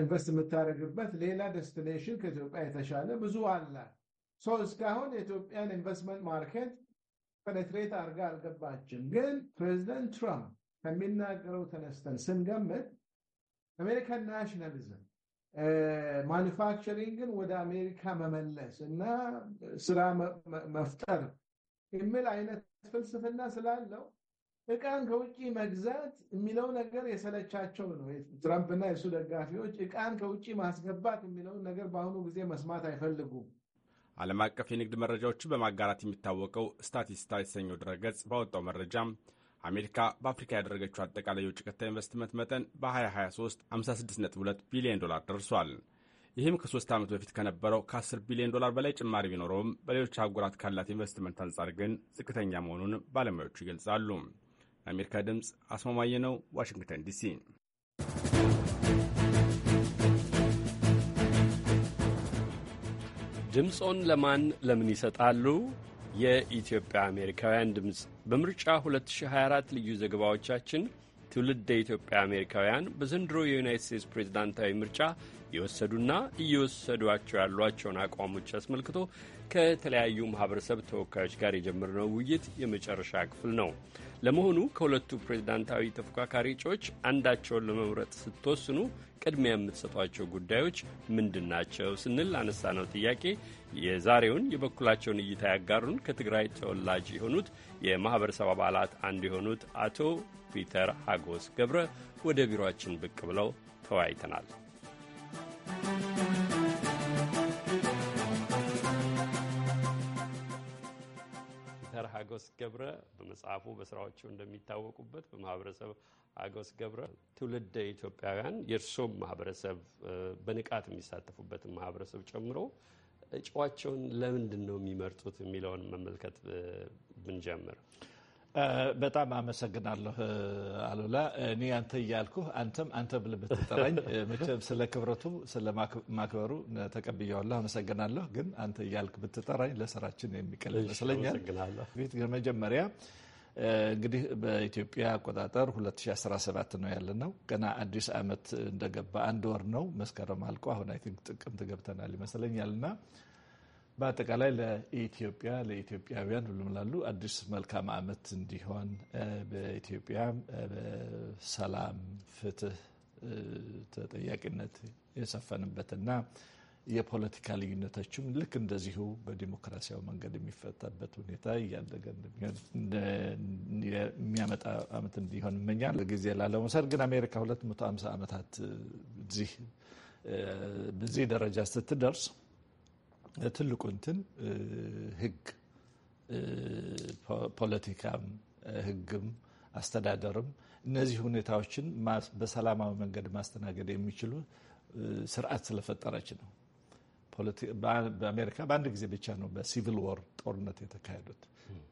ኢንቨስት የምታደርግበት ሌላ ደስቲኔሽን ከኢትዮጵያ የተሻለ ብዙ አላት። ሶ እስካሁን የኢትዮጵያን ኢንቨስትመንት ማርኬት ፐኔትሬት አድርጋ አልገባችም። ግን ፕሬዚደንት ትራምፕ ከሚናገረው ተነስተን ስንገምት አሜሪካን ናሽናሊዝም ማኒፋክቸሪንግን ወደ አሜሪካ መመለስ እና ስራ መፍጠር የሚል አይነት ፍልስፍና ስላለው እቃን ከውጭ መግዛት የሚለው ነገር የሰለቻቸው ነው። ትራምፕና የሱ ደጋፊዎች እቃን ከውጭ ማስገባት የሚለውን ነገር በአሁኑ ጊዜ መስማት አይፈልጉም።
ዓለም አቀፍ የንግድ መረጃዎችን በማጋራት የሚታወቀው ስታቲስታ የተሰኘው ድረገጽ ባወጣው መረጃ አሜሪካ በአፍሪካ ያደረገችው አጠቃላይ የውጭ ቀጥታ ኢንቨስትመንት መጠን በ2023 56.2 ቢሊዮን ዶላር ደርሷል። ይህም ከሶስት ዓመት በፊት ከነበረው ከ10 ቢሊዮን ዶላር በላይ ጭማሪ ቢኖረውም በሌሎች አህጉራት ካላት ኢንቨስትመንት አንጻር ግን ዝቅተኛ መሆኑን ባለሙያዎቹ ይገልጻሉ። የአሜሪካ ድምፅ አስማማየ ነው፣ ዋሽንግተን ዲሲ
ድምፆን ለማን ለምን ይሰጣሉ? የኢትዮጵያ አሜሪካውያን ድምፅ በምርጫ 2024 ልዩ ዘገባዎቻችን ትውልድ የኢትዮጵያ አሜሪካውያን በዘንድሮ የዩናይት ስቴትስ ፕሬዚዳንታዊ ምርጫ የወሰዱና እየወሰዷቸው ያሏቸውን አቋሞች አስመልክቶ ከተለያዩ ማህበረሰብ ተወካዮች ጋር የጀመርነው ውይይት የመጨረሻ ክፍል ነው። ለመሆኑ ከሁለቱ ፕሬዝዳንታዊ ተፎካካሪ እጩዎች አንዳቸውን ለመምረጥ ስትወስኑ ቅድሚያ የምትሰጧቸው ጉዳዮች ምንድን ናቸው ስንል አነሳ ነው ጥያቄ። የዛሬውን የበኩላቸውን እይታ ያጋሩን ከትግራይ ተወላጅ የሆኑት የማህበረሰብ አባላት አንዱ የሆኑት አቶ ፒተር ሀጎስ ገብረ ወደ ቢሮችን ብቅ ብለው ተወያይተናል። ሀጎስ ገብረ በመጽሐፉ በስራዎቹ እንደሚታወቁበት በማህበረሰብ ሀጎስ ገብረ ትውልደ ኢትዮጵያውያን የእርሶም ማህበረሰብ በንቃት የሚሳተፉበትን ማህበረሰብ ጨምሮ እጩዋቸውን ለምንድን ነው የሚመርጡት የሚለውን መመልከት ብንጀምር
በጣም አመሰግናለሁ አሉላ። እኔ አንተ እያልኩ አንተም አንተ ብለህ ብትጠራኝ መቼም
ስለ ክብረቱ ስለ
ማክበሩ ተቀብያዋለሁ፣ አመሰግናለሁ። ግን አንተ እያልክ ብትጠራኝ ለስራችን የሚቀል ይመስለኛል። ቤት መጀመሪያ እንግዲህ በኢትዮጵያ አቆጣጠር 2017 ነው ያለ ነው። ገና አዲስ ዓመት እንደገባ አንድ ወር ነው መስከረም አልቆ አሁን አይ ቲንክ ጥቅምት ገብተናል ይመስለኛል እና በአጠቃላይ ለኢትዮጵያ ለኢትዮጵያውያን ሁሉም ላሉ አዲስ መልካም ዓመት እንዲሆን በኢትዮጵያ በሰላም ፍትህ፣ ተጠያቂነት የሰፈንበትና የፖለቲካ ልዩነቶችም ልክ እንደዚሁ በዲሞክራሲያዊ መንገድ የሚፈታበት ሁኔታ እያደገ የሚያመጣ ዓመት እንዲሆን እመኛለሁ። ጊዜ ላለመውሰድ ግን አሜሪካ 250 ዓመታት በዚህ ደረጃ ስትደርስ ትልቁ እንትን ህግ ፖለቲካም፣ ህግም፣ አስተዳደርም እነዚህ ሁኔታዎችን በሰላማዊ መንገድ ማስተናገድ የሚችሉ ስርዓት ስለፈጠረች ነው። በአሜሪካ በአንድ ጊዜ ብቻ ነው በሲቪል ወር ጦርነት የተካሄዱት።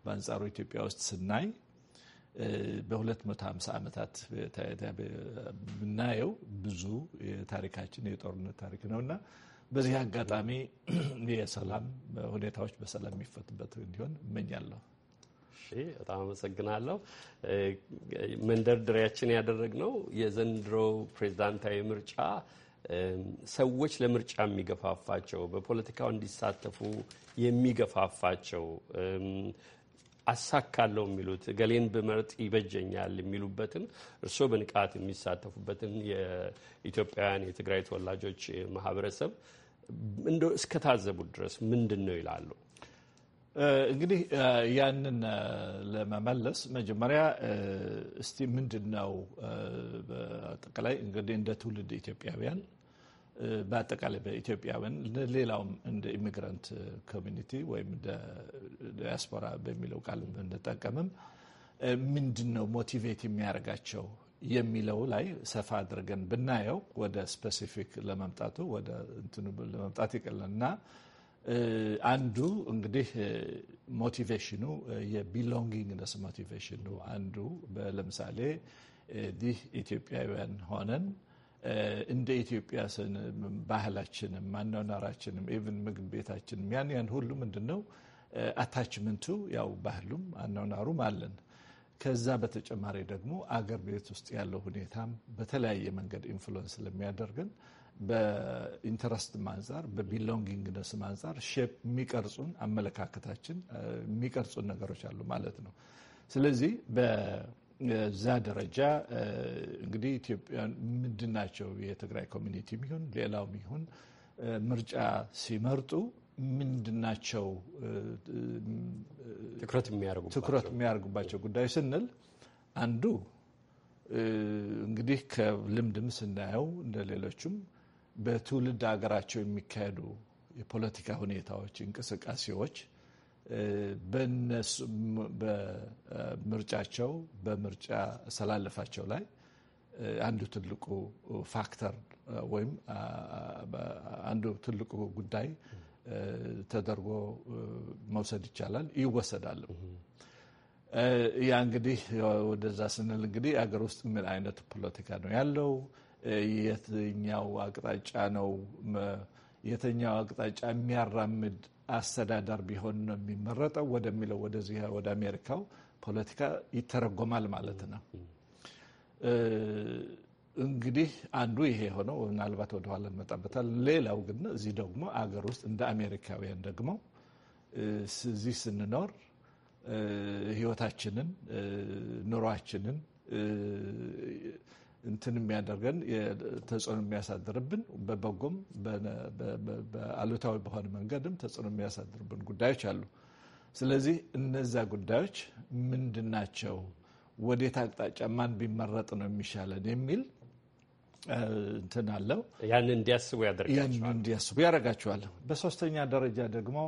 በአንጻሩ ኢትዮጵያ ውስጥ ስናይ በ250 ዓመታት ብናየው ብዙ የታሪካችን የጦርነት ታሪክ ነው እና በዚህ አጋጣሚ የሰላም ሁኔታዎች በሰላም የሚፈቱበት እንዲሆን እመኛለሁ።
እሺ፣ በጣም አመሰግናለሁ። መንደርደሪያችን ያደረግነው የዘንድሮ ፕሬዝዳንታዊ ምርጫ ሰዎች ለምርጫ የሚገፋፋቸው በፖለቲካው እንዲሳተፉ የሚገፋፋቸው አሳካለሁ የሚሉት ገሌን ብመርጥ ይበጀኛል የሚሉበትን እርስዎ በንቃት የሚሳተፉበትን የኢትዮጵያውያን የትግራይ ተወላጆች ማህበረሰብ እንደ እስከታዘቡት ድረስ ምንድን ነው ይላሉ?
እንግዲህ ያንን ለመመለስ መጀመሪያ እስቲ ምንድን ነው በአጠቃላይ እንግዲህ እንደ ትውልድ ኢትዮጵያውያን በአጠቃላይ በኢትዮጵያውያን ሌላውም እንደ ኢሚግራንት ኮሚኒቲ ወይም ዲያስፖራ በሚለው ቃል ብንጠቀምም ምንድን ነው ሞቲቬት የሚያደርጋቸው የሚለው ላይ ሰፋ አድርገን ብናየው ወደ ስፐሲፊክ ለመምጣቱ ወደ እንትኑ ለመምጣት ይቀለን እና አንዱ እንግዲህ ሞቲቬሽኑ የቢሎንጊንግነስ ሞቲቬሽኑ አንዱ ለምሳሌ ዲህ ኢትዮጵያውያን ሆነን እንደ ኢትዮጵያ ባህላችንም አኗኗራችንም ኢቭን ምግብ ቤታችንም ያን ያን ሁሉ ምንድን ነው አታችመንቱ ያው ባህሉም አኗኗሩም አለን። ከዛ በተጨማሪ ደግሞ አገር ቤት ውስጥ ያለው ሁኔታም በተለያየ መንገድ ኢንፍሉንስ ለሚያደርግን በኢንተረስት አንጻር በቢሎንጊንግነስ አንጻር ሼፕ የሚቀርጹን አመለካከታችን የሚቀርጹን ነገሮች አሉ ማለት ነው። ስለዚህ እዛ ደረጃ እንግዲህ ኢትዮጵያን ምንድን ናቸው የትግራይ ኮሚኒቲ የሚሆን ሌላው የሚሆን ምርጫ ሲመርጡ ምንድናቸው ትኩረት የሚያደርጉባቸው ጉዳይ ስንል አንዱ እንግዲህ ከልምድም ስናየው እንደ ሌሎችም በትውልድ ሀገራቸው የሚካሄዱ የፖለቲካ ሁኔታዎች፣ እንቅስቃሴዎች በምርጫቸው በምርጫ አሰላለፋቸው ላይ አንዱ ትልቁ ፋክተር ወይም አንዱ ትልቁ ጉዳይ ተደርጎ መውሰድ ይቻላል፣ ይወሰዳል። ያ እንግዲህ ወደዛ ስንል እንግዲህ አገር ውስጥ ምን አይነት ፖለቲካ ነው ያለው? የትኛው አቅጣጫ ነው? የትኛው አቅጣጫ የሚያራምድ አስተዳደር ቢሆን ነው የሚመረጠው ወደሚለው ወደዚህ ወደ አሜሪካው ፖለቲካ ይተረጎማል ማለት ነው። እንግዲህ አንዱ ይሄ የሆነው ምናልባት ወደኋላ እንመጣበታል። ሌላው ግን እዚህ ደግሞ አገር ውስጥ እንደ አሜሪካውያን ደግሞ እዚህ ስንኖር ህይወታችንን ኑሯችንን እንትን የሚያደርገን ተጽዕኖ የሚያሳድርብን በበጎም በአሉታዊ በሆነ መንገድም ተጽዕኖ የሚያሳድርብን ጉዳዮች አሉ። ስለዚህ እነዛ ጉዳዮች ምንድን ናቸው? ወዴት አቅጣጫ ማን ቢመረጥ ነው የሚሻለን የሚል እንትን አለው። ያን እንዲያስቡ ያደርጋቸዋል። በሶስተኛ ደረጃ ደግሞ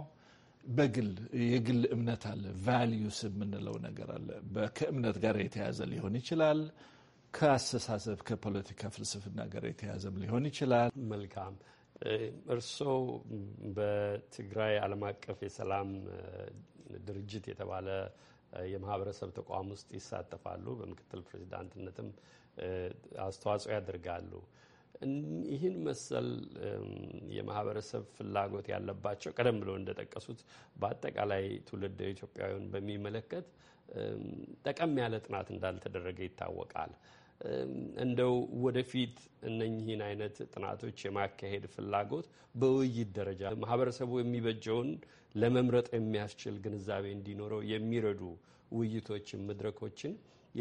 በግል የግል እምነት አለ። ቫሊዩስ የምንለው ነገር አለ። ከእምነት ጋር የተያያዘ ሊሆን ይችላል ከአስተሳሰብ ከፖለቲካ ፍልስፍና ጋር የተያዘም ሊሆን ይችላል።
መልካም። እርስዎ በትግራይ ዓለም አቀፍ የሰላም ድርጅት የተባለ የማህበረሰብ ተቋም ውስጥ ይሳተፋሉ። በምክትል ፕሬዚዳንትነትም አስተዋጽኦ ያደርጋሉ። ይህን መሰል የማህበረሰብ ፍላጎት ያለባቸው ቀደም ብለው እንደጠቀሱት በአጠቃላይ ትውልድ ኢትዮጵያውያን በሚመለከት ጠቀም ያለ ጥናት እንዳልተደረገ ይታወቃል። እንደው ወደፊት እነኚህን አይነት ጥናቶች የማካሄድ ፍላጎት በውይይት ደረጃ ማህበረሰቡ የሚበጀውን ለመምረጥ የሚያስችል ግንዛቤ እንዲኖረው የሚረዱ ውይይቶችን፣ መድረኮችን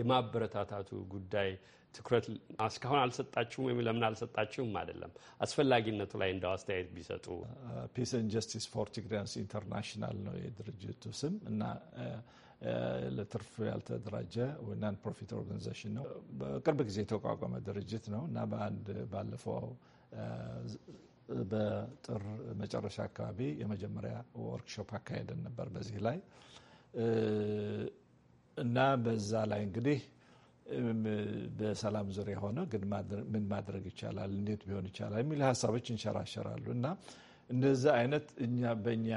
የማበረታታቱ ጉዳይ ትኩረት እስካሁን አልሰጣችሁም ወይም ለምን አልሰጣችሁም አይደለም፣ አስፈላጊነቱ ላይ እንደው አስተያየት ቢሰጡ።
ፒስ ኤንድ ጀስቲስ ፎር ቲግሪያንስ ኢንተርናሽናል ነው የድርጅቱ ስም እና uh, ለትርፍ ያልተደራጀ ናን ፕሮፊት ኦርጋናይዜሽን ነው። በቅርብ ጊዜ የተቋቋመ ድርጅት ነው እና በአንድ ባለፈው በጥር መጨረሻ አካባቢ የመጀመሪያ ወርክሾፕ አካሄደን ነበር በዚህ ላይ እና በዛ ላይ እንግዲህ በሰላም ዙሪያ ሆነ ግን ምን ማድረግ ይቻላል፣ እንዴት ቢሆን ይቻላል የሚል ሀሳቦች እንሸራሸራሉ እና እንደዛ አይነት እኛ በእኛ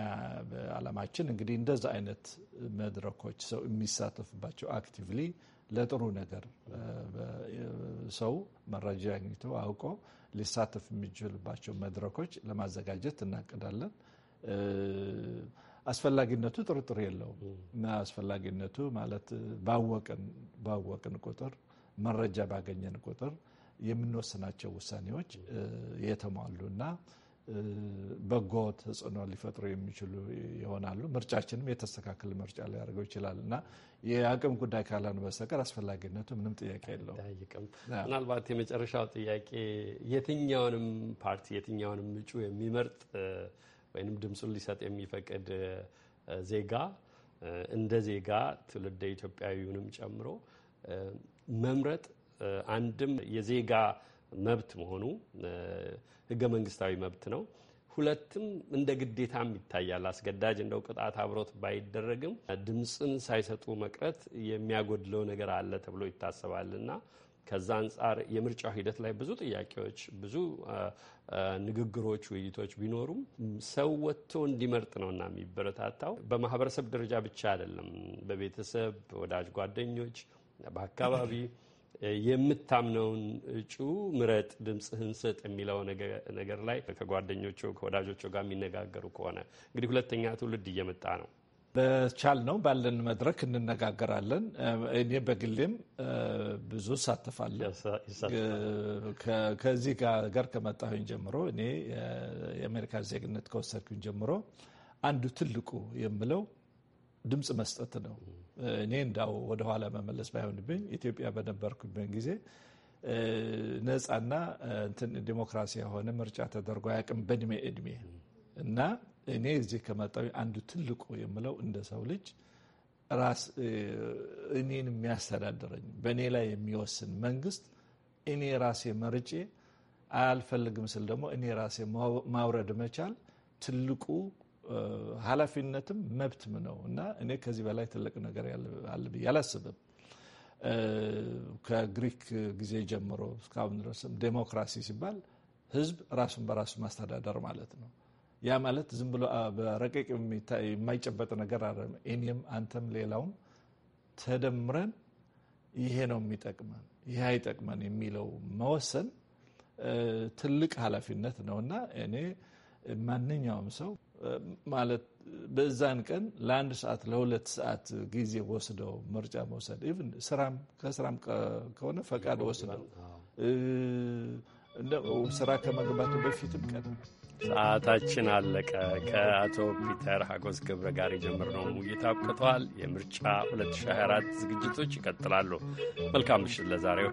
ዓላማችን እንግዲህ እንደዛ አይነት መድረኮች ሰው የሚሳተፍባቸው አክቲቭሊ ለጥሩ ነገር ሰው መረጃ አግኝቶ አውቆ ሊሳተፍ የሚችልባቸው መድረኮች ለማዘጋጀት እናቅዳለን። አስፈላጊነቱ ጥርጥር የለውም እና አስፈላጊነቱ ማለት ባወቅን ቁጥር መረጃ ባገኘን ቁጥር የምንወስናቸው ውሳኔዎች የተሟሉ እና በጎ ተጽዕኖ ሊፈጥሩ የሚችሉ ይሆናሉ። ምርጫችንም የተስተካከለ ምርጫ ሊያደርገው ይችላል እና የአቅም ጉዳይ ካለን በስተቀር አስፈላጊነቱ ምንም ጥያቄ
የለውም። ምናልባት የመጨረሻው ጥያቄ የትኛውንም ፓርቲ የትኛውንም እጩ የሚመርጥ ወይም ድምፁን ሊሰጥ የሚፈቅድ ዜጋ እንደ ዜጋ ትውልደ ኢትዮጵያዊውንም ጨምሮ መምረጥ አንድም የዜጋ መብት መሆኑ ህገ መንግስታዊ መብት ነው። ሁለትም እንደ ግዴታም ይታያል። አስገዳጅ እንደው ቅጣት አብሮት ባይደረግም ድምፅን ሳይሰጡ መቅረት የሚያጎድለው ነገር አለ ተብሎ ይታሰባል እና ከዛ አንጻር የምርጫው ሂደት ላይ ብዙ ጥያቄዎች፣ ብዙ ንግግሮች፣ ውይይቶች ቢኖሩም ሰው ወጥቶ እንዲመርጥ ነውና የሚበረታታው በማህበረሰብ ደረጃ ብቻ አይደለም። በቤተሰብ ወዳጅ ጓደኞች፣ በአካባቢ የምታምነውን እጩ ምረጥ፣ ድምፅህን ስጥ የሚለው ነገር ላይ ከጓደኞቹ ከወዳጆቹ ጋር የሚነጋገሩ ከሆነ እንግዲህ ሁለተኛ ትውልድ እየመጣ ነው።
በቻል ነው ባለን መድረክ እንነጋገራለን። እኔ በግሌም ብዙ እሳተፋለሁ። ከዚህ ጋር ከመጣሁኝ ጀምሮ እኔ የአሜሪካ ዜግነት ከወሰድኩኝ ጀምሮ አንዱ ትልቁ የምለው ድምፅ መስጠት ነው። እኔ እንዳው ወደኋላ መመለስ ባይሆንብኝ ኢትዮጵያ በነበርኩብን ጊዜ ነፃና ዲሞክራሲ የሆነ ምርጫ ተደርጎ አያውቅም በእድሜ እድሜ እና እኔ እዚህ ከመጣሁ አንዱ ትልቁ የምለው እንደ ሰው ልጅ ራስ እኔን የሚያስተዳድረኝ በእኔ ላይ የሚወስን መንግስት እኔ ራሴ መርጬ አልፈልግም ስል ደግሞ እኔ ራሴ ማውረድ መቻል ትልቁ ኃላፊነትም መብትም ነው እና እኔ ከዚህ በላይ ትልቅ ነገር አለ ብዬ አላስብም። ከግሪክ ጊዜ ጀምሮ እስካሁን ድረስም ዴሞክራሲ ሲባል ህዝብ ራሱን በራሱ ማስተዳደር ማለት ነው። ያ ማለት ዝም ብሎ በረቂቅ የማይጨበጥ ነገር አይደለም። እኔም አንተም ሌላውም ተደምረን ይሄ ነው የሚጠቅመን፣ ይሄ አይጠቅመን የሚለው መወሰን ትልቅ ኃላፊነት ነው እና እኔ ማንኛውም ሰው ማለት በዛን ቀን ለአንድ ሰዓት ለሁለት ሰዓት ጊዜ ወስደው ምርጫ መውሰድ ኢቭን ስራም ከስራም ከሆነ ፈቃድ ወስደው ስራ ከመግባቱ በፊትም ቀን
ሰዓታችን አለቀ። ከአቶ ፒተር ሀጎስ ገብረ ጋር የጀመርነው ውይይት አብቅተዋል። የምርጫ 2024 ዝግጅቶች ይቀጥላሉ። መልካም ምሽት ለዛሬው